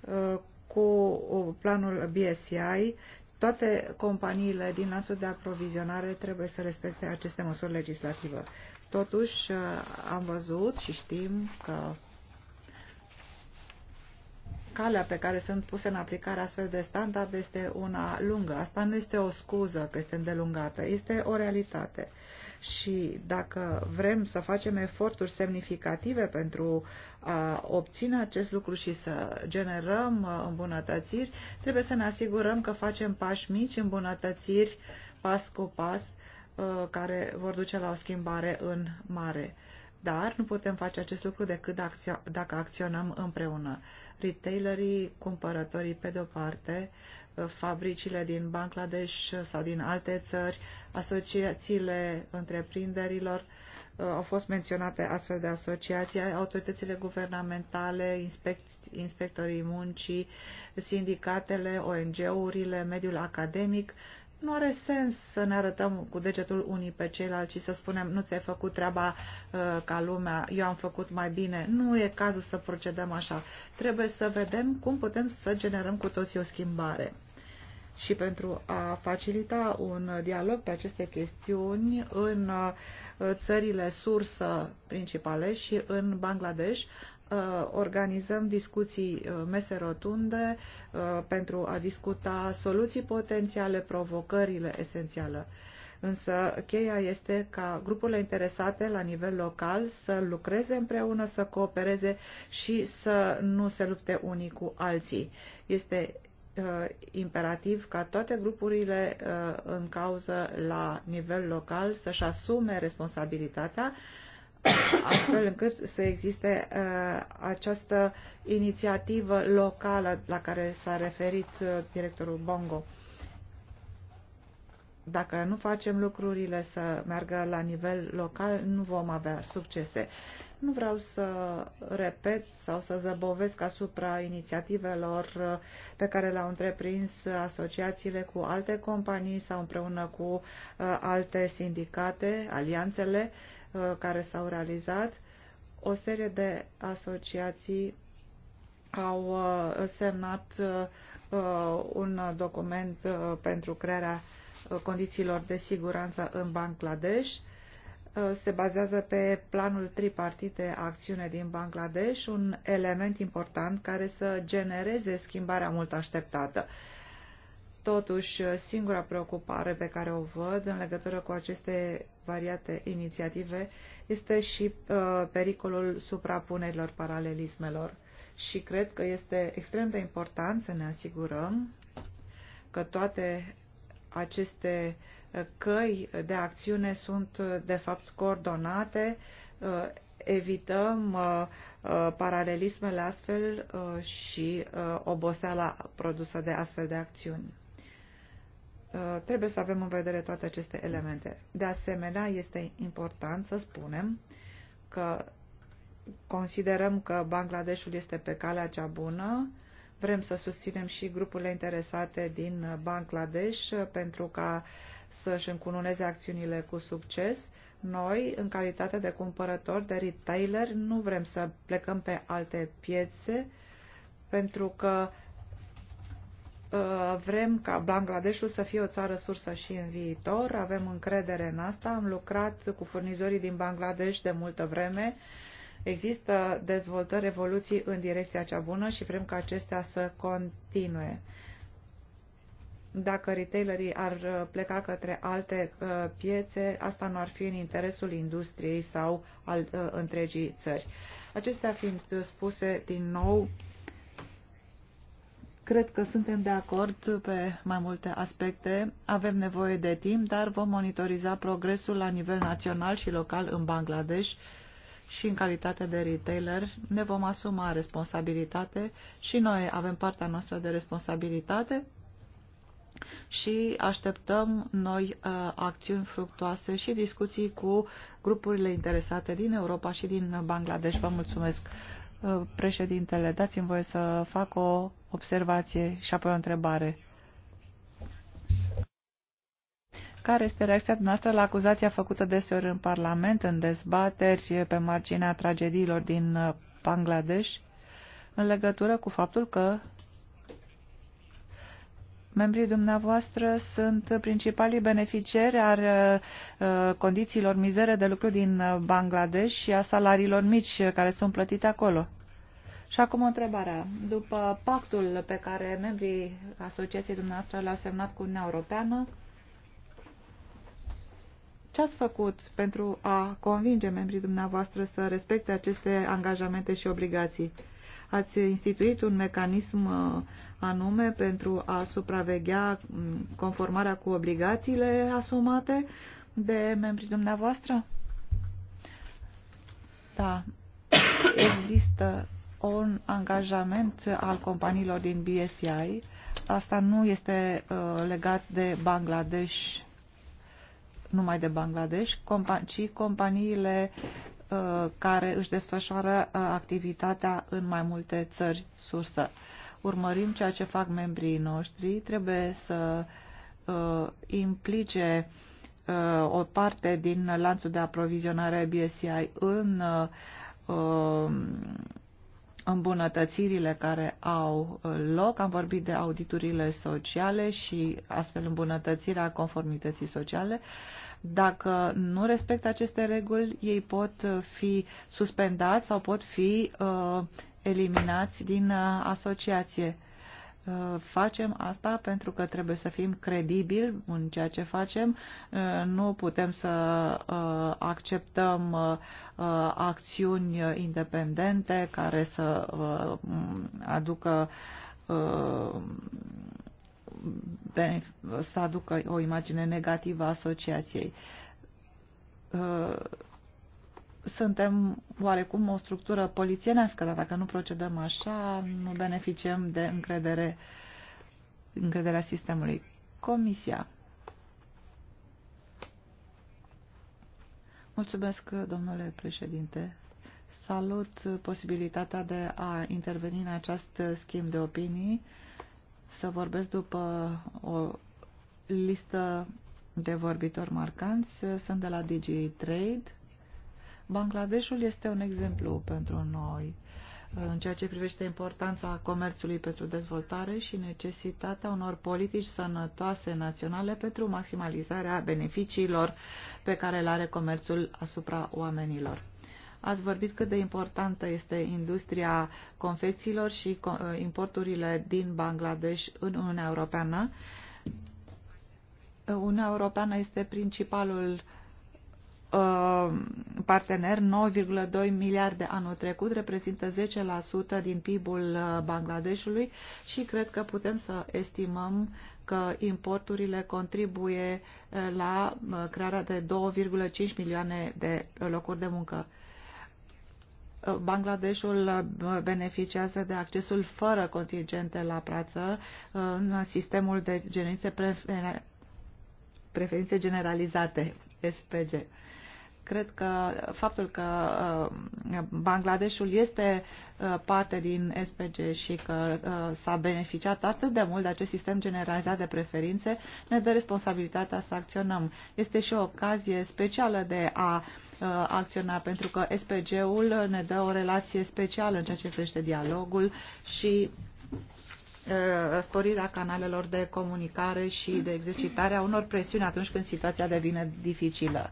uh, cu planul BSI, toate companiile din lanțul de aprovizionare trebuie să respecte aceste măsuri legislative. Totuși, uh, am văzut și știm că calea pe care sunt puse în aplicare astfel de standard este una lungă. Asta nu este o scuză că este îndelungată, este o realitate. Uh, și dacă vrem să facem eforturi semnificative pentru a obține acest lucru și să generăm uh, îmbunătățiri, trebuie să ne asigurăm că facem pași mici, îmbunătățiri pas cu pas, uh, care vor duce la o schimbare în mare dar nu putem face acest lucru decât dacă acționăm împreună. Retailerii, cumpărătorii, pe de-o parte, fabricile din Bangladesh sau din alte țări, asociațiile întreprinderilor, uh, au fost menționate astfel de asociații, autoritățile guvernamentale, inspect, inspectorii muncii, sindicatele, ONG-urile, mediul academic. Nu are sens să ne arătăm cu degetul unii pe ceilalți și să spunem nu ți-ai făcut treaba uh, ca lumea, eu am făcut mai bine. Nu e cazul să procedăm așa. Trebuie să vedem cum putem să generăm cu toții o schimbare și pentru a facilita un dialog pe aceste chestiuni în uh, țările sursă principale și în Bangladesh, uh, organizăm discuții uh, mese rotunde pentru a discuta soluții potențiale, provocările esențiale. Însă cheia este ca grupurile interesate la nivel local să lucreze împreună, să coopereze și să nu se lupte unii cu alții. Este Uh, imperativ ca toate grupurile uh, în cauză la nivel local să-și asume responsabilitatea astfel încât să existe uh, această inițiativă locală la care s-a referit directorul Bongo. Dacă nu facem lucrurile să meargă la nivel local, nu vom avea succese. Nu vreau să repet sau să zăbovesc asupra inițiativelor pe care le-au întreprins asociațiile cu alte companii sau împreună cu uh, alte sindicate, alianțele uh, care s-au realizat. O serie de asociații au uh, semnat un document pentru crearea condițiilor de siguranță în Bangladesh Uh, se bazează pe planul tripartit de acțiune din Bangladesh, un element important care să genereze schimbarea mult așteptată. Totuși, uh, singura preocupare pe care o văd în legătură cu aceste variate inițiative este și uh, pericolul suprapunerilor paralelismelor. Și cred că este extrem de important să ne asigurăm că toate aceste uh, căi de acțiune sunt de fapt coordonate, uh, evităm uh, uh, paralelismele astfel și oboseala produsă de astfel de acțiuni. Trebuie să avem în vedere toate aceste elemente. De asemenea, este important să spunem că considerăm că Bangladeshul este pe calea cea bună, vrem să susținem și grupurile interesate din Bangladesh pentru ca uh, să-și încununeze acțiunile cu succes, noi, în calitate de cumpărători, de retailer, nu vrem să plecăm pe alte piețe, pentru că uh, vrem ca Bangladeshul să fie o țară sursă și în viitor, avem încredere în asta, am lucrat cu furnizorii din Bangladesh de multă vreme, există dezvoltări, evoluții în direcția cea bună și vrem ca acestea să continue. Dacă retailerii ar uh, pleca către alte uh, piețe, asta nu ar fi în interesul industriei sau al uh, întregii țări. Acestea fiind spuse din nou, Cred că suntem de acord pe mai multe aspecte. Avem nevoie de timp, dar vom monitoriza progresul la nivel național și local în Bangladesh și în calitate de retailer ne vom asuma responsabilitate și noi avem partea noastră de responsabilitate și așteptăm noi uh, acțiuni fructoase și discuții cu grupurile interesate din Europa și din Bangladesh. Vă mulțumesc, uh, președintele. Dați-mi voie să fac o observație și apoi o întrebare. Care este reacția noastră la acuzația făcută deseori în Parlament, în dezbateri pe marginea tragediilor din uh, Bangladesh, în legătură cu faptul că Membrii dumneavoastră sunt principalii beneficiari ar uh, condițiilor mizere de lucru din uh, Bangladesh și a salariilor mici care sunt plătite acolo. Și acum întrebarea. După pactul pe care membrii asociației dumneavoastră l-au semnat cu Uniunea Europeană, ce ați făcut pentru a convinge membrii dumneavoastră să respecte aceste angajamente și obligații? Ați instituit un mecanism uh, anume pentru a supraveghea mm, conformarea cu obligațiile asumate de membrii dumneavoastră? Da. Există un angajament al companiilor din BSI. Asta nu este uh, legat de Bangladesh, numai de Bangladesh, compa ci companiile Uh, care își desfășoară uh, activitatea în mai multe țări sursă. Urmărim ceea ce fac membrii noștri, trebuie să uh, implice o parte din lanțul de aprovizionare BSI în um, îmbunătățirile care au loc. Am vorbit de auditurile sociale și astfel îmbunătățirea conformității sociale. Uh, dacă nu respectă aceste reguli, ei pot fi suspendați sau pot fi uh, eliminați din uh, asociație. Uh, facem asta pentru că trebuie să fim credibili în ceea ce facem. Uh, nu putem să uh, acceptăm uh, uh, acțiuni independente care să uh, aducă să aducă o imagine negativă a asociației. Uh, suntem oarecum o structură polițienească, dar dacă nu procedăm așa, nu beneficiem de încredere, încrederea sistemului. Comisia. Mulțumesc, domnule președinte. Salut posibilitatea de a interveni în acest schimb de opinii să vorbesc după o listă de vorbitori marcanți. Sunt de la DJ Trade. Bangladeshul este un exemplu pentru noi în ceea ce privește importanța comerțului pentru dezvoltare și necesitatea unor politici sănătoase naționale pentru maximalizarea beneficiilor pe care le are comerțul asupra oamenilor. Ați vorbit cât de importantă este industria confecțiilor și uh, importurile din Bangladesh în Uniunea Europeană. Uh, Uniunea Europeană este principalul uh, partener, 9,2 miliarde anul trecut, reprezintă 10% din PIB-ul Bangladeshului și cred că putem să estimăm că importurile contribuie la crearea de 2,5 milioane de locuri de muncă. Bangladeshul beneficiază de accesul fără contingente la prață în sistemul de preferințe generalizate, SPG. Cred că faptul că uh, Bangladeshul este uh, parte din SPG și că uh, s-a beneficiat atât de mult de acest sistem generalizat de preferințe, ne dă responsabilitatea să acționăm. Este și o ocazie specială de a acționa, pentru că SPG-ul ne dă o relație specială în ceea ce privește dialogul și sporirea canalelor de comunicare și de exercitarea unor presiuni atunci când situația devine dificilă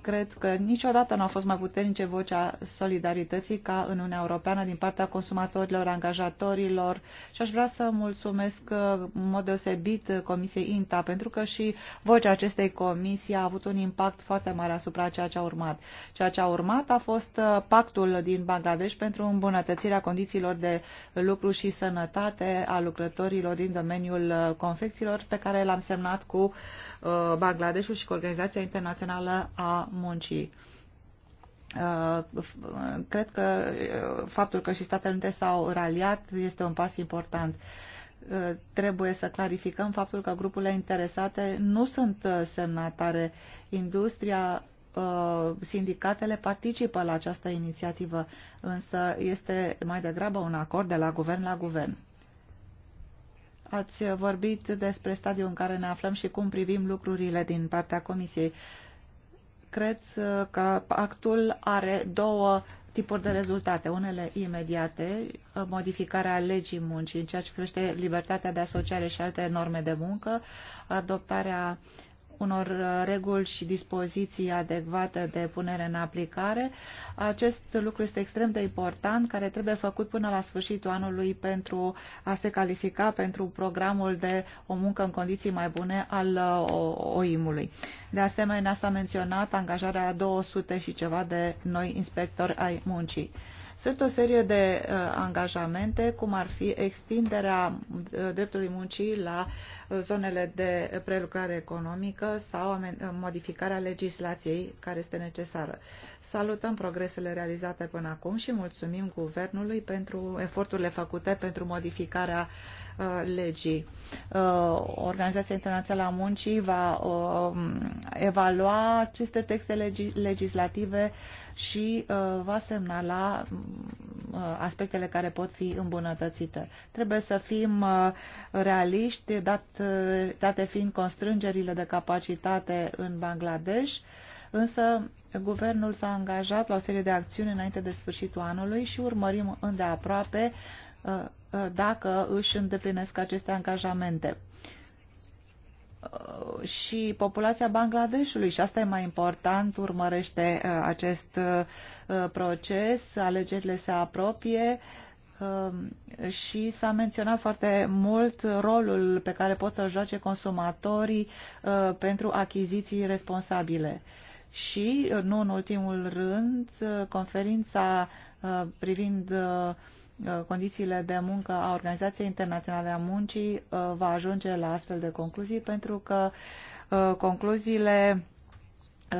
cred că niciodată nu a fost mai puternice vocea solidarității ca în Uniunea Europeană din partea consumatorilor, angajatorilor și aș vrea să mulțumesc uh, în mod deosebit Comisiei INTA pentru că și vocea acestei comisii a avut un impact foarte mare asupra ceea ce a urmat. Ceea ce a urmat a fost uh, pactul din Bangladesh pentru îmbunătățirea condițiilor de lucru și sănătate a lucrătorilor din domeniul uh, confecțiilor pe care l-am semnat cu Bangladeshul și cu Organizația Internațională a a muncii. Uh, cred că uh, faptul că și Statele Unite s-au raliat este un pas important uh, trebuie să clarificăm faptul că grupurile interesate nu sunt semnatare. Industria, sindicatele participă la această inițiativă, însă este mai degrabă un acord de la guvern la guvern. Ați vorbit despre stadiul în care ne aflăm și cum privim lucrurile din partea Comisiei cred uh, că actul are două tipuri de rezultate. Unele imediate, uh, modificarea legii muncii în ceea ce privește libertatea de asociare și alte norme de muncă, adoptarea unor uh, reguli și dispoziții adecvate de punere în aplicare. Acest lucru este extrem de important, care trebuie făcut până la sfârșitul anului pentru a se califica pentru programul de o muncă în condiții mai bune al uh, OIM-ului. De asemenea, s-a menționat angajarea a 200 și ceva de noi inspectori ai muncii. Sunt o serie de uh, angajamente, cum ar fi extinderea uh, dreptului muncii la uh, zonele de prelucrare economică sau uh, modificarea legislației care este necesară. Salutăm progresele realizate până acum și mulțumim Guvernului pentru eforturile făcute pentru modificarea uh, legii. Uh, Organizația Internațională a Muncii va evalua aceste texte legislative și va semnala Uh, aspectele care pot fi îmbunătățite. Trebuie să fim uh, realiști, dat, uh, date fiind constrângerile de capacitate în Bangladesh, însă guvernul s-a angajat la o serie de acțiuni înainte de sfârșitul anului și urmărim îndeaproape dacă își îndeplinesc aceste angajamente. Uh, și populația Bangladeshului și asta e mai important, urmărește uh, acest uh, proces, alegerile se apropie și s-a menționat foarte mult rolul pe care pot să-l joace consumatorii pentru achiziții responsabile. Și, nu în ultimul rând, conferința privind Uh, condițiile de muncă a Organizației Internaționale a Muncii uh, va ajunge la astfel de concluzii pentru că uh, concluziile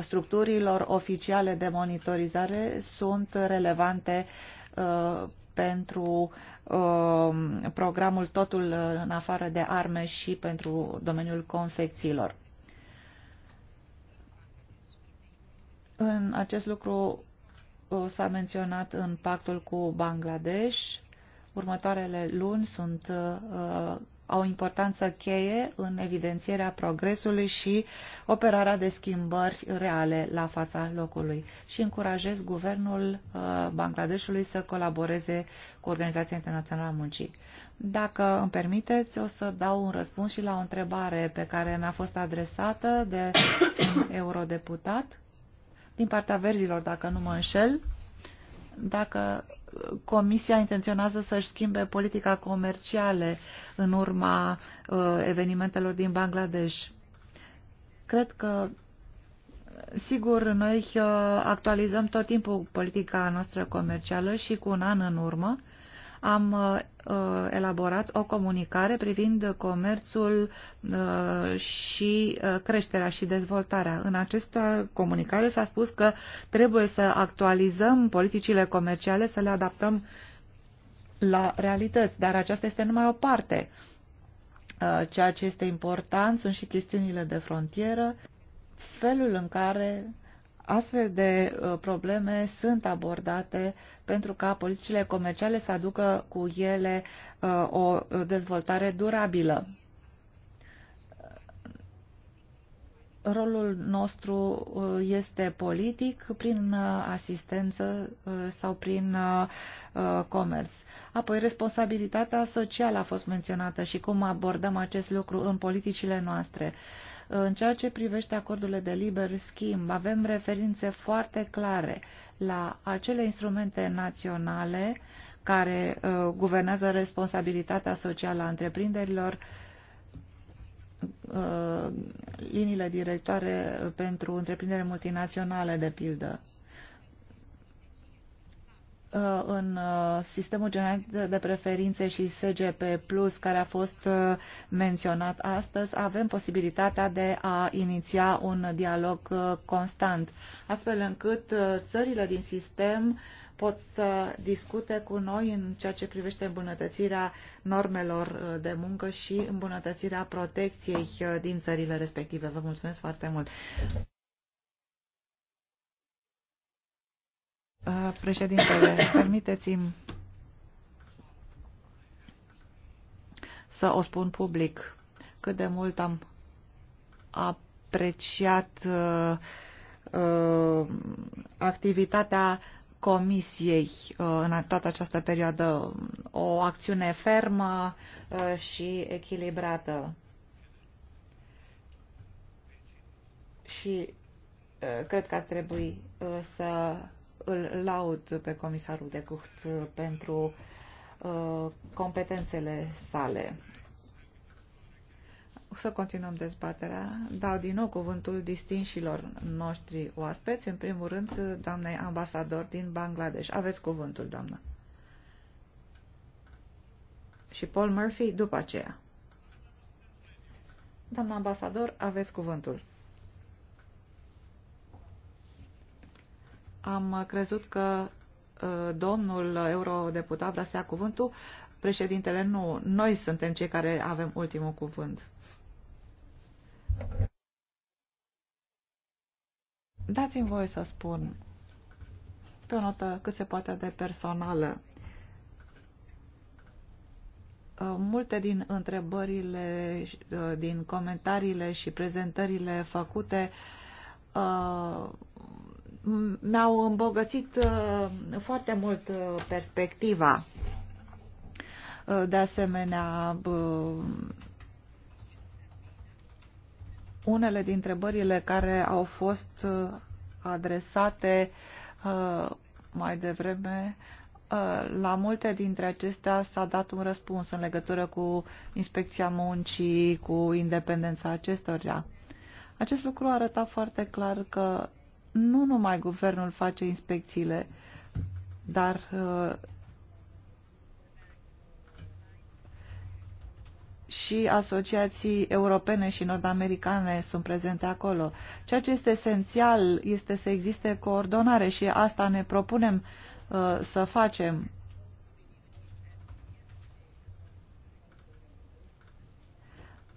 structurilor oficiale de monitorizare sunt relevante pentru programul Totul în afară de arme și pentru domeniul confecțiilor. În acest lucru Uh, s-a menționat în pactul cu Bangladesh. Următoarele luni sunt, uh, uh, au importanță cheie în evidențierea progresului și operarea de schimbări reale la fața locului și încurajez guvernul Bangladeshului să colaboreze cu Organizația Internațională a Muncii. Dacă îmi permiteți, o să dau un răspuns și la o întrebare pe care mi-a fost adresată de un eurodeputat din partea verzilor, dacă nu mă înșel, dacă Comisia intenționează să-și schimbe politica comercială în urma uh, evenimentelor din Bangladesh. Cred că, sigur, noi uh, actualizăm tot timpul politica noastră comercială și cu un an în urmă am uh, Uh, elaborat o comunicare privind comerțul uh, și uh, creșterea și dezvoltarea. În această comunicare s-a spus că trebuie să actualizăm politicile comerciale, să le adaptăm la realități, dar aceasta este numai o parte. Ceea ce este important sunt și chestiunile de frontieră, felul în care Astfel de uh, probleme sunt abordate pentru ca politicile comerciale să aducă cu ele uh, o uh, dezvoltare durabilă. rolul nostru este politic prin asistență sau prin comerț. Apoi, responsabilitatea socială a fost menționată și cum abordăm acest lucru în politicile noastre. În ceea ce privește acordurile de liber schimb, avem referințe foarte clare la acele instrumente naționale care uh, guvernează responsabilitatea socială a întreprinderilor, uh, liniile directoare pentru întreprindere multinaționale, de pildă. Uh, în uh, sistemul general de preferințe și SGP Plus care a fost uh, menționat astăzi, avem posibilitatea de a iniția un dialog constant, astfel încât țările din sistem pot să discute cu noi în ceea ce privește îmbunătățirea normelor de muncă și îmbunătățirea protecției din țările respective. Vă mulțumesc foarte mult! Uh, președintele, permiteți-mi să o spun public cât de mult am apreciat uh, uh, activitatea Comisiei uh, în toată această perioadă. O acțiune fermă uh, și echilibrată. Și uh, cred că ar trebui uh, să îl laud pe comisarul de Gucht pentru uh, competențele sale. O să continuăm dezbaterea. Dau din nou cuvântul distinșilor noștri oaspeți, în primul rând doamnei ambasador din Bangladesh. Aveți cuvântul, doamnă. Și Paul Murphy după aceea. Doamna ambasador, aveți cuvântul. Am crezut că uh, domnul eurodeputat vrea să ia cuvântul. Președintele, nu. Noi suntem cei care avem ultimul cuvânt. Dați-mi voie să spun, pe o notă cât se poate de personală, uh, multe din întrebările, uh, din comentariile și prezentările făcute mi-au îmbogățit uh, foarte mult uh, perspectiva. Uh, de asemenea, unele dintre întrebările care au fost adresate mai devreme, la multe dintre acestea s-a dat un răspuns în legătură cu inspecția muncii, cu independența acestora. Acest lucru arăta foarte clar că nu numai guvernul face inspecțiile, dar uh, și asociații europene și nord-americane sunt prezente acolo. Ceea ce este esențial este să existe coordonare și asta ne propunem uh, să facem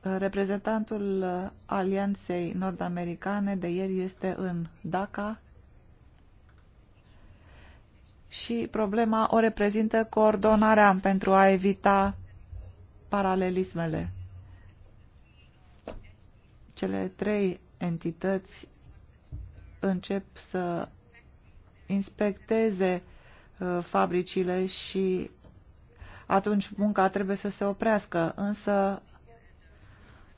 Reprezentantul Alianței Nord-Americane de ieri este în DACA și problema o reprezintă coordonarea pentru a evita paralelismele. Cele trei entități încep să inspecteze uh, fabricile și atunci munca trebuie să se oprească, însă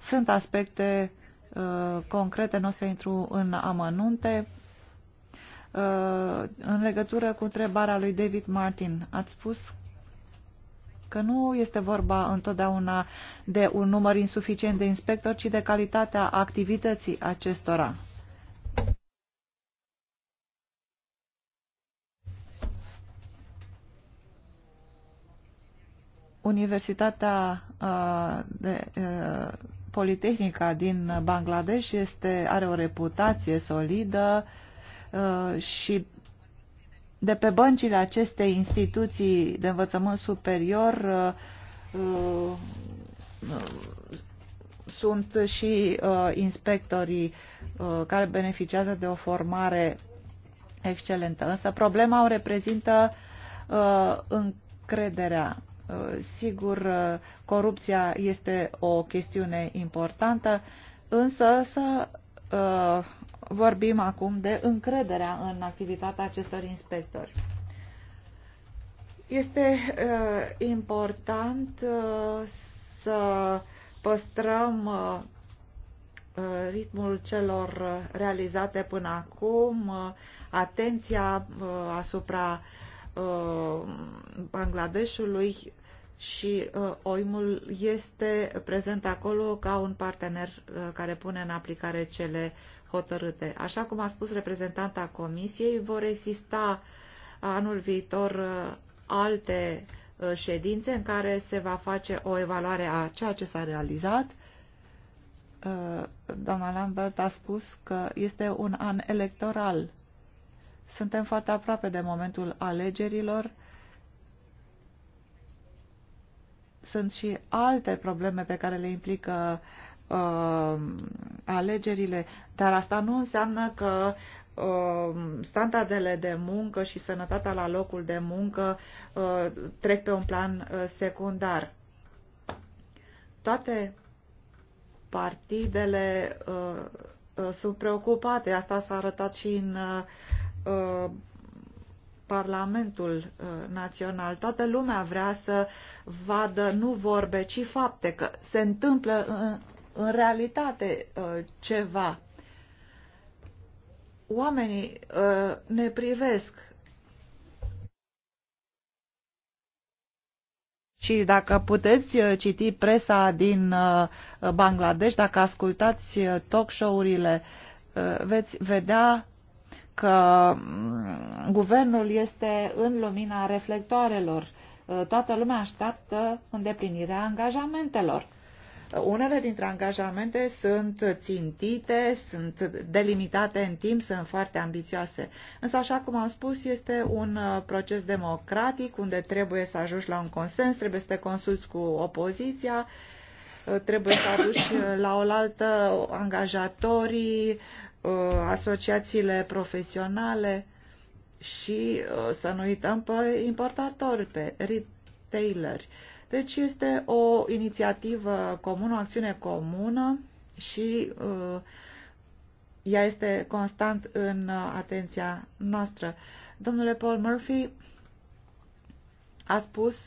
sunt aspecte uh, concrete, nu o să intru în amănunte. Uh, în legătură cu întrebarea lui David Martin, ați spus că nu este vorba întotdeauna de un număr insuficient de inspectori, ci de calitatea activității acestora. Universitatea uh, de Politehnica din Bangladesh este, are o reputație solidă uh, și de pe băncile acestei instituții de învățământ superior uh, uh, sunt și inspectorii care beneficiază de o formare excelentă. Însă problema o reprezintă încrederea Uh, sigur, uh, corupția este o chestiune importantă, însă să uh, vorbim acum de încrederea în activitatea acestor inspectori. Este uh, important uh, să păstrăm uh, ritmul celor realizate până acum, uh, atenția uh, asupra uh, Bangladeshului și uh, OIM-ul este prezent acolo ca un partener uh, care pune în aplicare cele hotărâte. Așa cum a spus reprezentanta Comisiei, vor exista anul viitor uh, alte uh, ședințe în care se va face o evaluare a ceea ce s-a realizat. Uh, doamna Lambert a spus că este un an electoral. Suntem foarte aproape de momentul alegerilor sunt și alte probleme pe care le implică uh, alegerile, dar asta nu înseamnă că uh, standardele de muncă și sănătatea la locul de muncă uh, trec pe un plan uh, secundar. Toate partidele uh, uh sunt preocupate. Asta s-a arătat și în uh, Parlamentul uh, Național. Toată lumea vrea să vadă nu vorbe, ci fapte, că se întâmplă în, în realitate uh, ceva. Oamenii uh, ne privesc Și dacă puteți citi presa din Bangladesh, dacă ascultați talk show-urile, veți vedea că mm, guvernul este în lumina reflectoarelor. Uh, toată lumea așteaptă îndeplinirea angajamentelor. Uh, unele dintre angajamente sunt țintite, sunt delimitate în timp, sunt foarte ambițioase. Însă, așa cum am spus, este un uh, proces democratic unde trebuie să ajungi la un consens, trebuie să te consulți cu opoziția, trebuie să aduci la oaltă angajatorii, Uh, asociațiile profesionale și uh, să nu uităm pe importatori, pe retaileri. Deci este o inițiativă comună, o acțiune comună și uh, ea este constant în atenția noastră. Domnule Paul Murphy a spus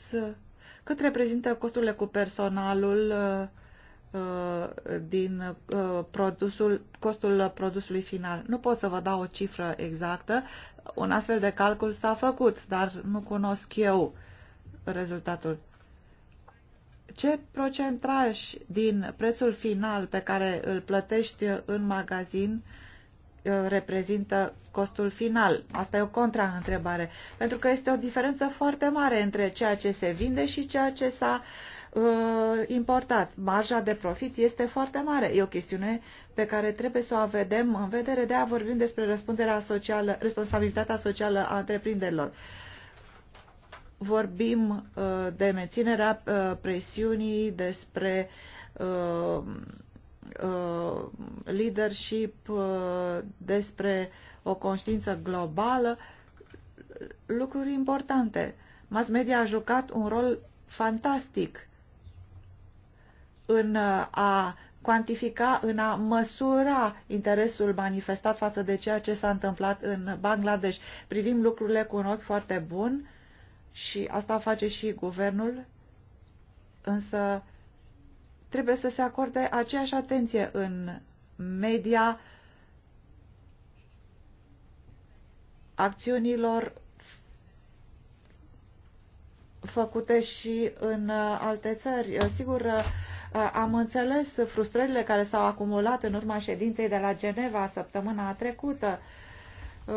cât reprezintă costurile cu personalul uh, Uh, din uh, produsul, costul produsului final. Nu pot să vă dau o cifră exactă. Un astfel de calcul s-a făcut, dar nu cunosc eu rezultatul. Ce procentaj din prețul final pe care îl plătești în magazin uh, reprezintă costul final? Asta e o contraîntrebare, pentru că este o diferență foarte mare între ceea ce se vinde și ceea ce s-a uh, Uh, importat. Marja de profit este foarte mare. E o chestiune pe care trebuie să o avem în vedere de a vorbi despre răspunderea socială, responsabilitatea socială a întreprinderilor. Vorbim uh, de menținerea uh, presiunii, despre leadership, despre o conștiință globală, lucruri importante. Mass media a jucat un rol fantastic în uh, a cuantifica, în a măsura interesul manifestat față de ceea ce s-a întâmplat în Bangladesh. Privim lucrurile cu un ochi foarte bun și asta face și guvernul, însă trebuie să se acorde aceeași atenție în media acțiunilor făcute și în uh, alte țări. Sigur, uh, Uh, am înțeles frustrările care s-au acumulat în urma ședinței de la Geneva săptămâna trecută. Uh,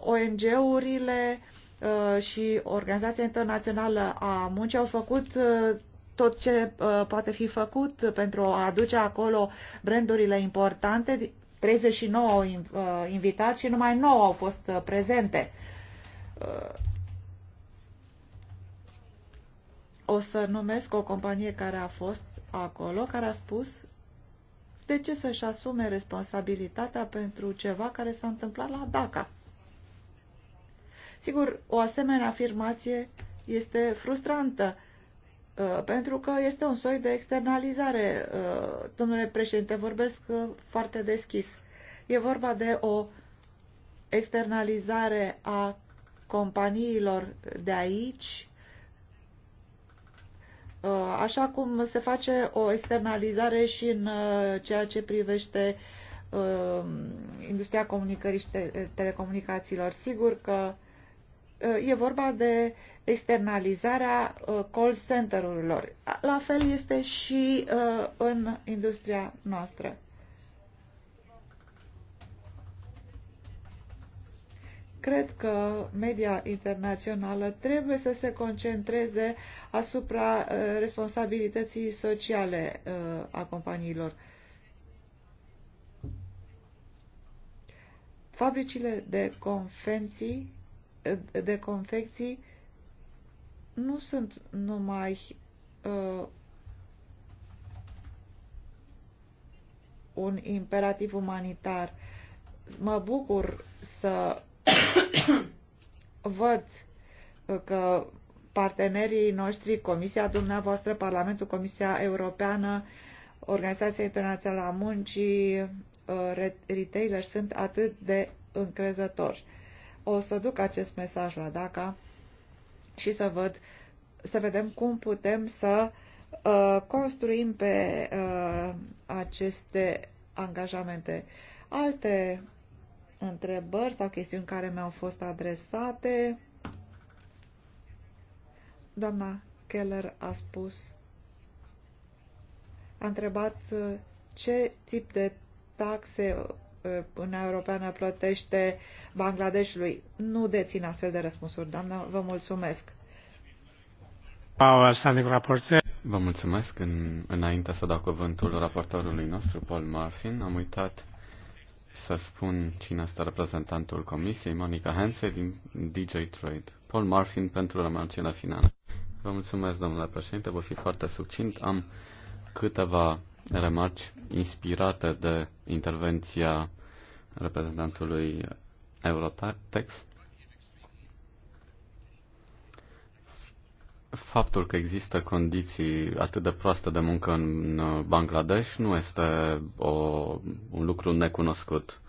ONG-urile uh, și Organizația Internațională a Muncii au făcut tot ce poate fi făcut pentru a aduce acolo brandurile importante. 39 au invitat și numai 9 au fost prezente. O să numesc o companie care a fost acolo care a spus de ce să-și asume responsabilitatea pentru ceva care s-a întâmplat la DACA. Sigur, o asemenea afirmație este frustrantă, uh, pentru că este un soi de externalizare. Uh, domnule președinte, vorbesc uh, foarte deschis. E vorba de o externalizare a companiilor de aici Uh, așa cum se face o externalizare și în uh, ceea ce privește uh, industria comunicării și telecomunicațiilor. Sigur că e vorba de externalizarea call center-urilor. La fel este și în industria noastră. cred că media internațională trebuie să se concentreze asupra uh, responsabilității sociale uh, a companiilor. Fabricile de confecții, uh, de confecții nu sunt numai uh, un imperativ umanitar. Mă bucur să Văd uh, că partenerii noștri, Comisia dumneavoastră, Parlamentul, Comisia Europeană, Organizația Internațională a Muncii, uh, retailer sunt atât de încrezători. O să duc acest mesaj la DACA și să văd, să vedem cum putem să uh, construim pe uh, aceste angajamente. Alte întrebări sau chestiuni care mi-au fost adresate. Doamna Keller a spus, a întrebat uh, ce tip de taxe în uh, Europeană plătește Bangladeshului. Nu dețin astfel de răspunsuri, doamnă. Vă mulțumesc. Vă mulțumesc. În, înainte să dau cuvântul raportorului nostru, Paul Marfin, am uitat să spun cine este reprezentantul comisiei, Monica Hense din DJ Trade. Paul Marfin pentru remarcile finale. Vă mulțumesc, domnule președinte, voi fi foarte succint. Am câteva remarci inspirate de intervenția reprezentantului Eurotax. Faptul că există condiții atât de proaste de muncă în Bangladesh nu este o, un lucru necunoscut.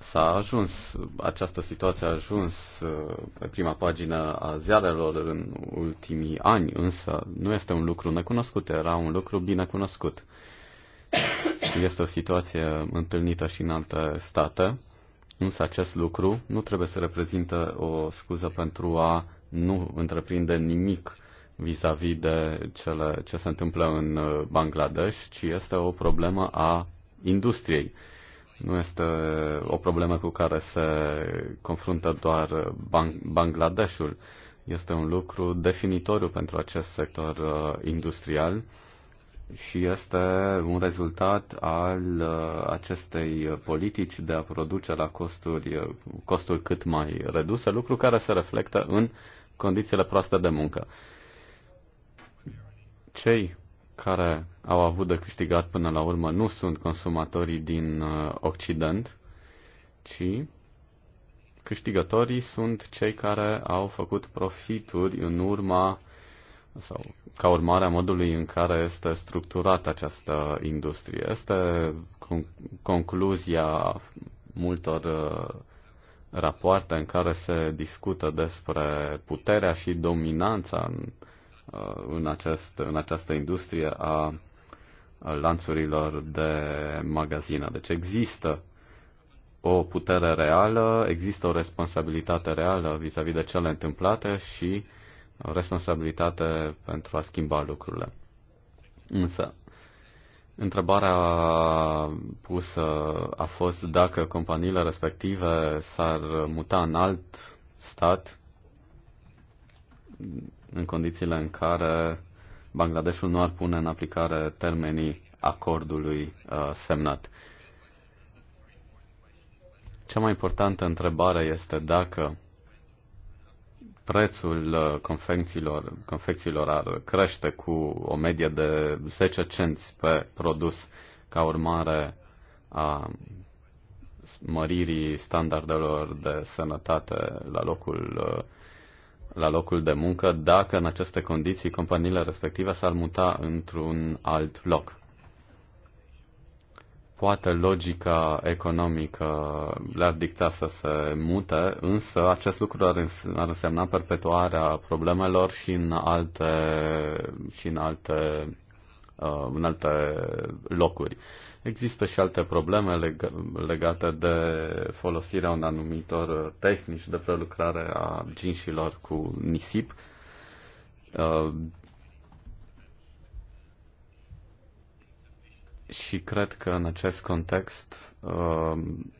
S-a ajuns, această situație a ajuns uh, pe prima pagină a ziarelor în ultimii ani, însă nu este un lucru necunoscut, era un lucru binecunoscut. Și Este o situație întâlnită și în alte state, însă acest lucru nu trebuie să reprezintă o scuză pentru a nu întreprinde nimic vis-a-vis -vis de cele, ce se întâmplă în uh, Bangladesh, ci este o problemă a industriei. Nu este o problemă cu care se confruntă doar Bang- Bangladeshul. Este un lucru definitoriu pentru acest sector uh, industrial și este un rezultat al uh, acestei politici de a produce la costuri, costuri cât mai reduse, lucru care se reflectă în uh, condițiile proaste de muncă. Cei care au avut de câștigat până la urmă nu sunt consumatorii din uh, Occident, ci câștigătorii sunt cei care au făcut profituri în urma sau ca urmare a modului în care este structurată această industrie. Este concluzia multor uh, rapoarte în care se discută despre puterea și dominanța în, uh, în, acest, în această industrie a lanțurilor de magazine. Deci există o putere reală, există o responsabilitate reală vis-a-vis -vis de cele întâmplate și responsabilitate pentru a schimba lucrurile. Însă, Întrebarea pusă a fost dacă companiile respective s-ar muta în alt stat în condițiile în care Bangladeshul nu ar pune în aplicare termenii acordului uh, semnat. Cea mai importantă întrebare este dacă prețul uh, confecțiilor, confecțiilor ar crește cu o medie de 10 cenți pe produs ca urmare a măririi standardelor de sănătate la locul, uh, la locul de muncă, dacă în aceste condiții companiile respective s-ar muta într-un alt loc poate logica economică le-ar dicta să se mute, însă acest lucru ar, îns- ar însemna perpetuarea problemelor și în alte, și în alte, uh, în alte locuri. Există și alte probleme leg- legate de folosirea un anumitor tehnici de prelucrare a ginșilor cu nisip. Uh, și cred că în acest context um,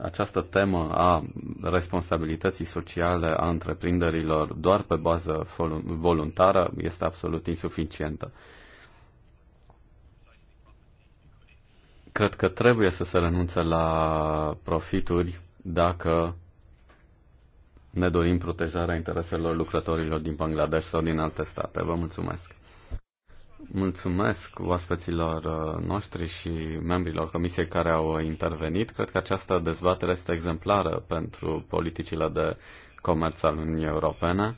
această temă a responsabilității sociale a întreprinderilor doar pe bază voluntară este absolut insuficientă. Cred că trebuie să se renunțe la profituri dacă ne dorim protejarea intereselor lucrătorilor din Bangladesh sau din alte state. Vă mulțumesc! Mulțumesc oaspeților uh, noștri și membrilor comisiei care au intervenit. Cred că această dezbatere este exemplară pentru politicile de comerț al Uniunii Europene.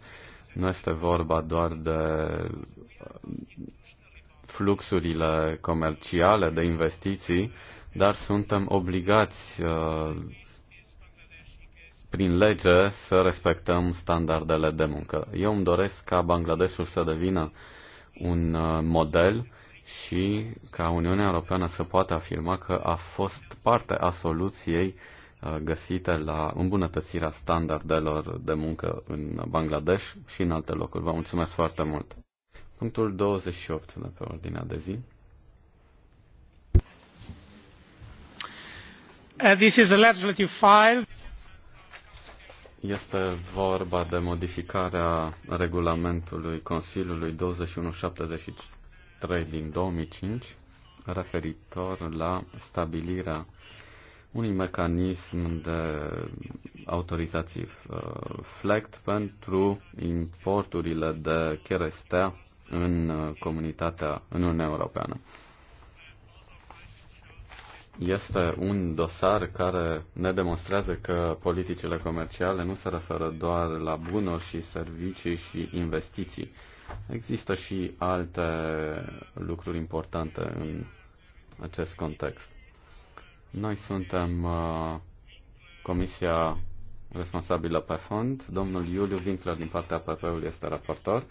Nu este vorba doar de uh, fluxurile comerciale, de investiții, dar suntem obligați uh, prin lege să respectăm standardele de muncă. Eu îmi doresc ca Bangladeshul să devină un uh, model și ca Uniunea Europeană să poată afirma că a fost parte a soluției uh, găsite la îmbunătățirea standardelor de muncă în Bangladesh și în alte locuri. Vă mulțumesc foarte mult. Punctul 28 de pe ordinea de zi. Uh, this is a legislative file. Este vorba de modificarea regulamentului Consiliului 2173 din 2005 referitor la stabilirea unui mecanism de autorizații uh, FLECT pentru importurile de cherestea în uh, comunitatea, în Uniunea Europeană. Este un dosar care ne demonstrează că politicile comerciale nu se referă doar la bunuri și servicii și investiții. Există și alte lucruri importante în acest context. Noi suntem uh, comisia responsabilă pe fond. Domnul Iuliu Winkler din partea PP-ului este raportor.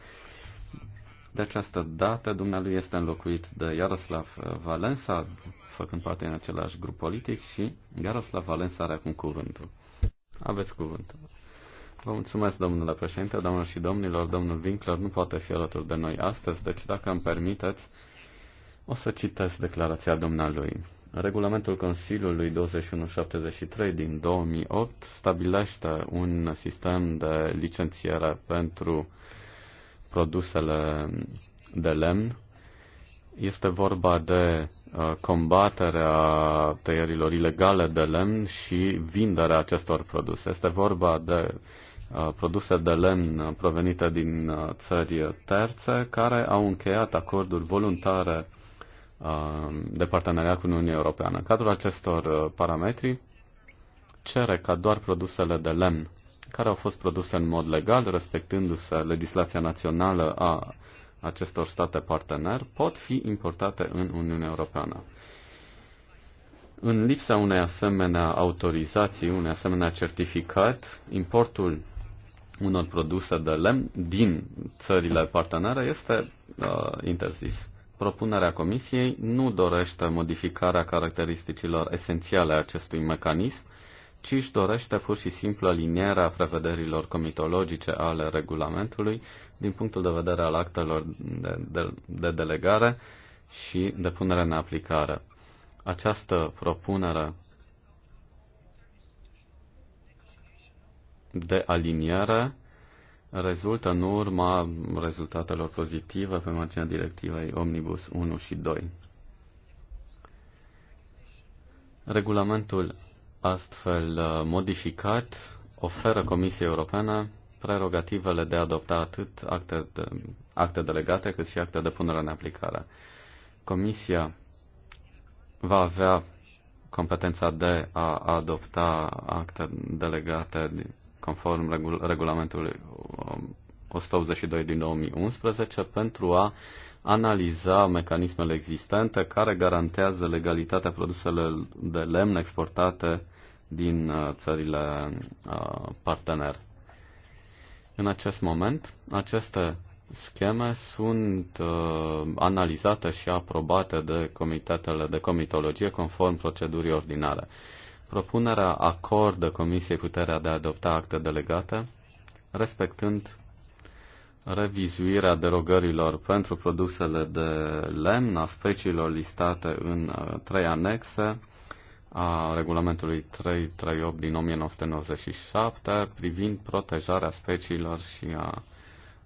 De această dată, dumnealui este înlocuit de Iaroslav uh, Valensa, făcând parte în același grup politic și Iaroslav Valensa are acum cuvântul. Aveți cuvântul. Vă mulțumesc, domnule președinte, domnilor și domnilor. Domnul Winkler nu poate fi alături de noi astăzi, deci dacă îmi permiteți, o să citesc declarația dumnealui. Regulamentul Consiliului 2173 din 2008 stabilește un sistem de licențiere pentru produsele de lemn. Este vorba de Uh, combaterea tăierilor ilegale de lemn și vinderea acestor produse. Este vorba de uh, produse de lemn provenite din uh, țări terțe care au încheiat acorduri voluntare de parteneriat cu Uniunea Europeană. În cadrul acestor parametri cere ca doar produsele de lemn care au fost produse în mod legal, respectându-se legislația națională a acestor state partener pot fi importate în Uniunea Europeană. În lipsa unei asemenea autorizații, unei asemenea certificat, importul unor produse de lemn din țările partenere este uh, interzis. Propunerea Comisiei nu dorește modificarea caracteristicilor esențiale a acestui mecanism, ci își dorește pur și simplu alinierea prevederilor comitologice ale regulamentului din punctul de vedere al actelor de, de, de delegare și de punere în aplicare. Această propunere de aliniere rezultă în urma rezultatelor pozitive pe marginea directivei Omnibus 1 și 2. Regulamentul astfel uh, modificat oferă Comisiei Europene prerogativele de a adopta atât acte, de, acte delegate cât și acte de punere în aplicare. Comisia va avea competența de a adopta acte delegate conform regul, regulamentului 182 um, din 2011 pentru a analiza mecanismele existente care garantează legalitatea produselor de lemn exportate din uh, țările uh, partener. În acest moment, aceste scheme sunt uh, analizate și aprobate de comitetele de comitologie conform procedurii ordinare. Propunerea acordă Comisiei puterea de a adopta acte delegate, respectând revizuirea derogărilor pentru produsele de lemn a speciilor listate în trei anexe, a regulamentului 338 din 1997 privind protejarea speciilor și a,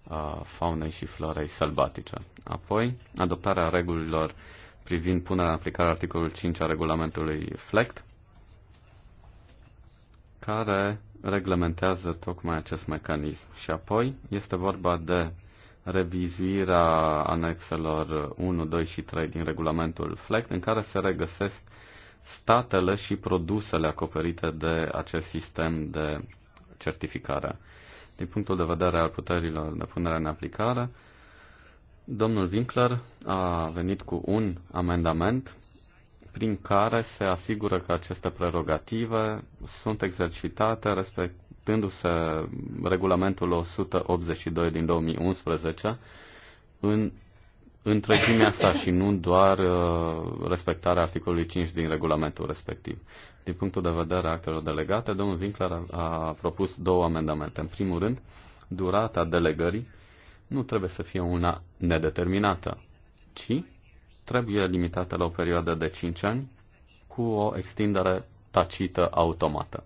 a faunei și florei sălbatice. Apoi, adoptarea regulilor privind punerea în aplicare articolul 5 a regulamentului FLECT, care reglementează tocmai acest mecanism. Și apoi este vorba de revizuirea anexelor 1, 2 și 3 din regulamentul FLECT, în care se regăsesc statele și produsele acoperite de acest sistem de certificare. Din punctul de vedere al puterilor de punere în aplicare, domnul Winkler a venit cu un amendament prin care se asigură că aceste prerogative sunt exercitate respectându-se regulamentul 182 din 2011 în întregimea sa și nu doar uh, respectarea articolului 5 din regulamentul respectiv. Din punctul de vedere a actelor delegate, domnul Winkler a, a propus două amendamente. În primul rând, durata delegării nu trebuie să fie una nedeterminată, ci trebuie limitată la o perioadă de 5 ani cu o extindere tacită automată.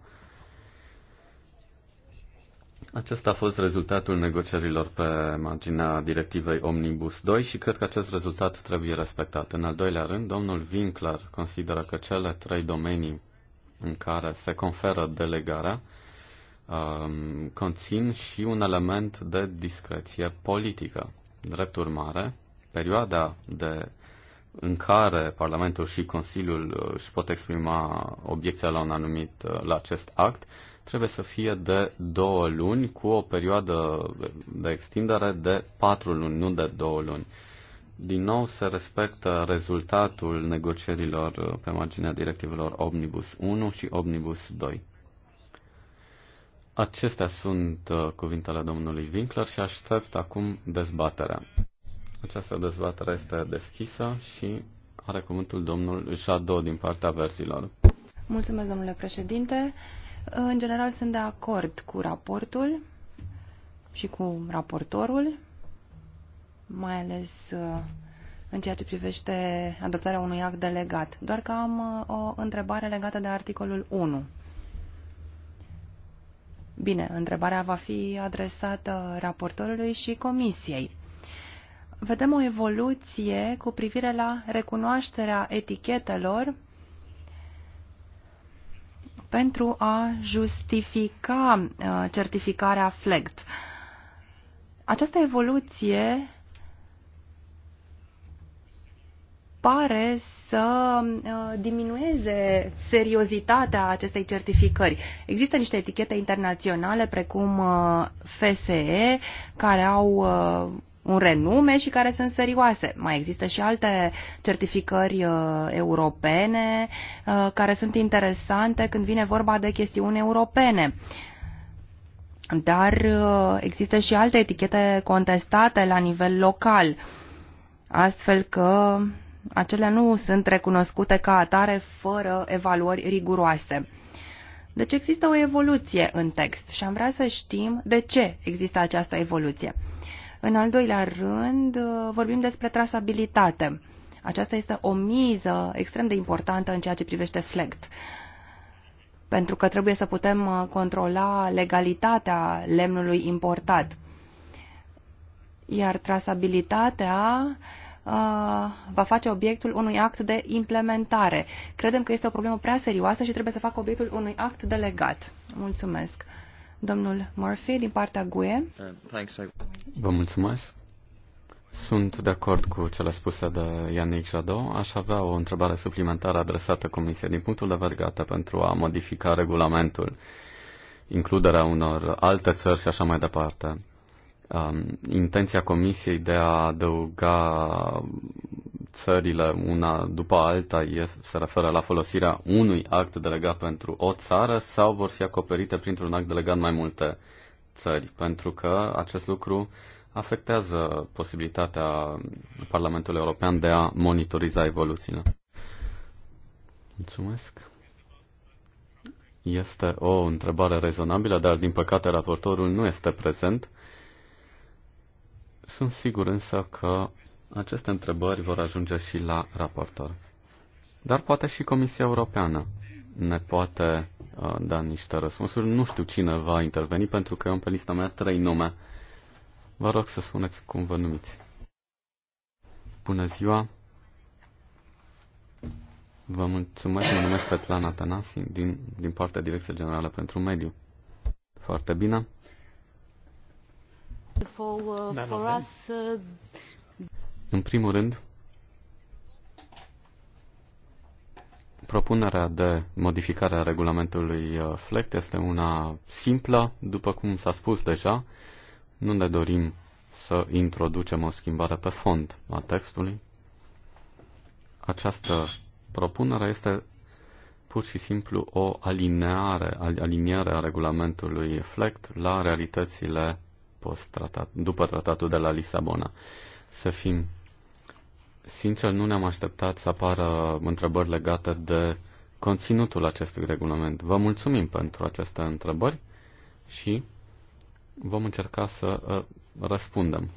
Acesta a fost rezultatul negocierilor pe marginea directivei Omnibus 2 și cred că acest rezultat trebuie respectat. În al doilea rând, domnul Winkler consideră că cele trei domenii în care se conferă delegarea um, conțin și un element de discreție politică. Drept urmare, perioada de în care Parlamentul și Consiliul uh, își pot exprima obiecția la un anumit uh, la acest act trebuie să fie de două luni cu o perioadă de extindere de patru luni, nu de două luni. Din nou se respectă rezultatul negocierilor pe marginea directivelor Omnibus 1 și Omnibus 2. Acestea sunt uh, cuvintele domnului Winkler și aștept acum dezbaterea. Această dezbatere este deschisă și are cuvântul domnul Jadot din partea verzilor. Mulțumesc, domnule președinte. În general sunt de acord cu raportul și cu raportorul, mai ales uh, în ceea ce privește adoptarea unui act delegat. Doar că am uh, o întrebare legată de articolul 1. Bine, întrebarea va fi adresată raportorului și comisiei. Vedem o evoluție cu privire la recunoașterea etichetelor pentru a justifica uh, certificarea FLEGT. Această evoluție pare să uh, diminueze seriozitatea acestei certificări. Există niște etichete internaționale precum uh, FSE care au un renume și care sunt serioase. Mai există și alte certificări uh, europene uh, care sunt interesante când vine vorba de chestiuni europene. Dar uh, există și alte etichete contestate la nivel local, astfel că acelea nu sunt recunoscute ca atare fără evaluări riguroase. Deci există o evoluție în text și am vrea să știm de ce există această evoluție. În al doilea rând, uh, vorbim despre trasabilitate. Aceasta este o miză extrem de importantă în ceea ce privește FLECT, pentru că trebuie să putem uh, controla legalitatea lemnului importat. Iar trasabilitatea uh, va face obiectul unui act de implementare. Credem că este o problemă prea serioasă și trebuie să facă obiectul unui act delegat. Mulțumesc! Domnul Murphy, din partea GUE. Vă mulțumesc. Sunt de acord cu cele spuse de Yannick Jadot. Aș avea o întrebare suplimentară adresată Comisiei din punctul de vedere gata pentru a modifica regulamentul, includerea unor alte țări și așa mai departe um, intenția Comisiei de a adăuga țările una după alta este, se referă la folosirea unui act delegat pentru o țară sau vor fi acoperite printr-un act delegat mai multe țări, pentru că acest lucru afectează posibilitatea Parlamentului European de a monitoriza evoluțiile. Mulțumesc. Este o întrebare rezonabilă, dar din păcate raportorul nu este prezent. Sunt sigur însă că aceste întrebări vor ajunge și la raportor. Dar poate și Comisia Europeană ne poate uh, da niște răspunsuri. Nu știu cine va interveni, pentru că eu am pe lista mea trei nume. Vă rog să spuneți cum vă numiți. Bună ziua! Vă mulțumesc, mă numesc Petlana Tanasi, din, din partea Direcției Generală pentru Mediu. Foarte bine. Uh, da, uh, În primul rând, propunerea de modificare a regulamentului uh, FLECT este una simplă, după cum s-a spus deja, nu ne dorim să introducem o schimbare pe fond a textului. Această propunere este pur și simplu o alineare, aliniere a regulamentului FLECT la realitățile post -tratat, după tratatul de la Lisabona. Să fim sincer, nu ne-am așteptat să apară întrebări legate de conținutul acestui regulament. Vă mulțumim pentru aceste întrebări și vom încerca să uh, răspundem.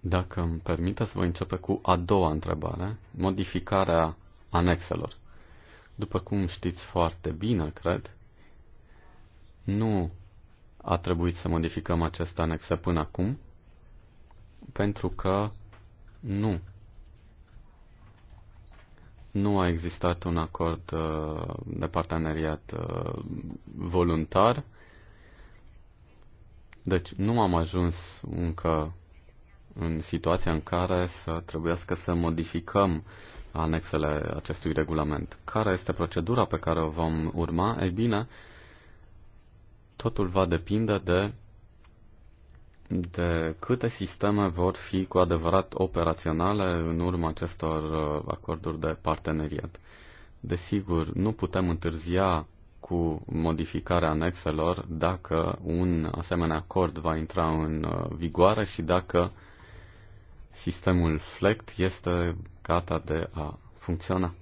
Dacă îmi permiteți, voi începe cu a doua întrebare, modificarea anexelor. După cum știți foarte bine, cred, nu a trebuit să modificăm acest anexă până acum, pentru că nu. Nu a existat un acord uh, de parteneriat uh, voluntar, deci nu am ajuns încă în situația în care să trebuiască să modificăm anexele acestui regulament. Care este procedura pe care o vom urma? Ei bine, uh, Totul va depinde de, de câte sisteme vor fi cu adevărat operaționale în urma acestor uh, acorduri de parteneriat. Desigur, nu putem întârzia cu modificarea anexelor dacă un asemenea acord va intra în uh, vigoare și dacă sistemul FLECT este gata de a funcționa.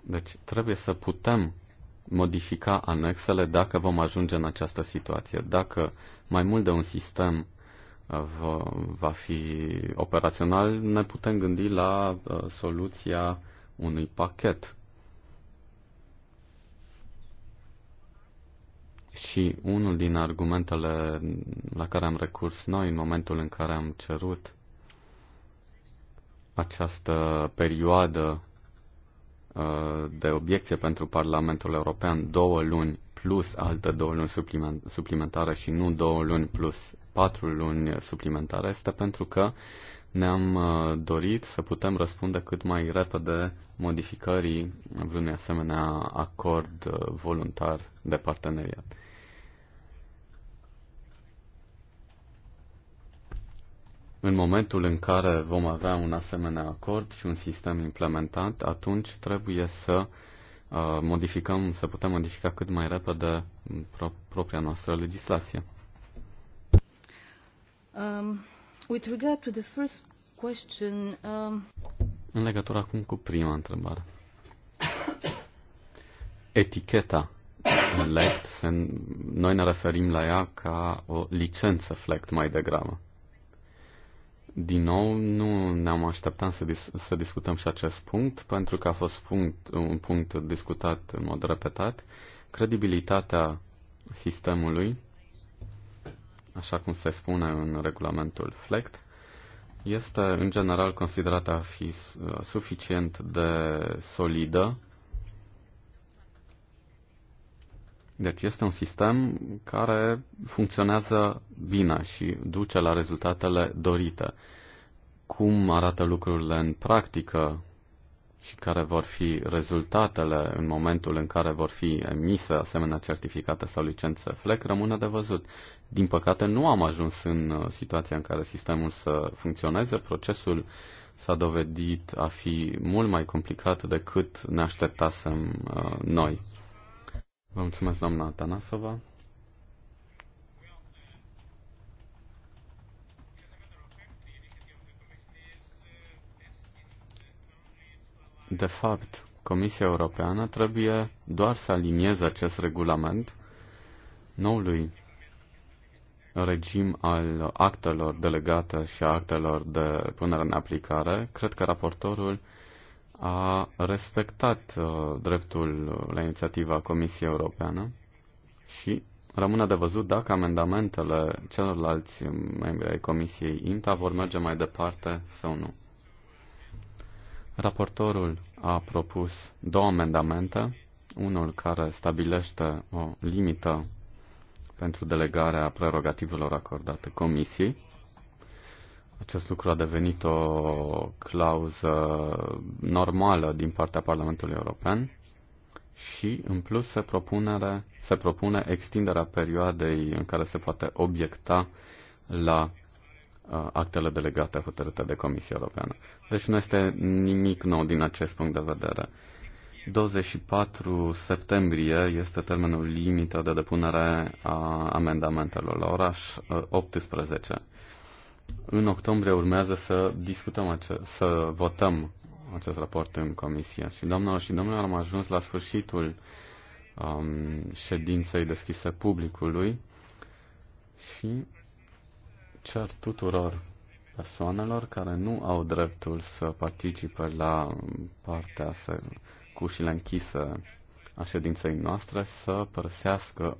Deci trebuie să putem modifica anexele dacă vom ajunge în această situație. Dacă mai mult de un sistem uh, va fi operațional, ne putem gândi la uh, soluția unui pachet. Și unul din argumentele la care am recurs noi în momentul în care am cerut această perioadă Uh, de obiecție pentru Parlamentul European două luni plus alte două luni suplimentare și nu două luni plus patru luni suplimentare este pentru că ne-am uh, dorit să putem răspunde cât mai repede modificării vreunui asemenea acord uh, voluntar de parteneriat. În momentul în care vom avea un asemenea acord și un sistem implementat, atunci trebuie să uh, modificăm, să putem modifica cât mai repede mm, pro- propria noastră legislație. Um, with regard to the first question, um... În legătură acum cu prima întrebare. Eticheta LECT, noi ne referim la ea ca o licență FLECT mai degrabă. Din nou, nu ne-am așteptat să, dis- să discutăm și acest punct, pentru că a fost punct, un punct discutat în mod repetat. Credibilitatea sistemului, așa cum se spune în regulamentul FLECT, este în general considerată a fi uh, suficient de solidă Deci este un sistem care funcționează bine și duce la rezultatele dorite. Cum arată lucrurile în practică și care vor fi rezultatele în momentul în care vor fi emise asemenea certificate sau licențe FLEC rămâne de văzut. Din păcate nu am ajuns în uh, situația în care sistemul să funcționeze. Procesul s-a dovedit a fi mult mai complicat decât ne așteptasem uh, noi. Vă mulțumesc, doamna Atanasova. De fapt, Comisia Europeană trebuie doar să alinieze acest regulament noului regim al actelor delegate și actelor de punere în aplicare. Cred că raportorul a respectat uh, dreptul la inițiativa Comisiei Europeană și rămâne de văzut dacă amendamentele celorlalți membri ai Comisiei INTA vor merge mai departe sau nu. Raportorul a propus două amendamente, unul care stabilește o limită pentru delegarea prerogativelor acordate Comisiei acest lucru a devenit o clauză normală din partea Parlamentului European și, în plus, se, propunere, se propune extinderea perioadei în care se poate obiecta la uh, actele delegate hotărâte de Comisia Europeană. Deci nu este nimic nou din acest punct de vedere. 24 septembrie este termenul limită de depunere a amendamentelor la oraș 18. Uh, în octombrie urmează să discutăm, ace- să votăm acest raport în comisie. Și doamnelor și domnilor, am ajuns la sfârșitul um, ședinței deschise publicului și cer tuturor persoanelor care nu au dreptul să participe la partea să, cu ușile închise a ședinței noastre să părăsească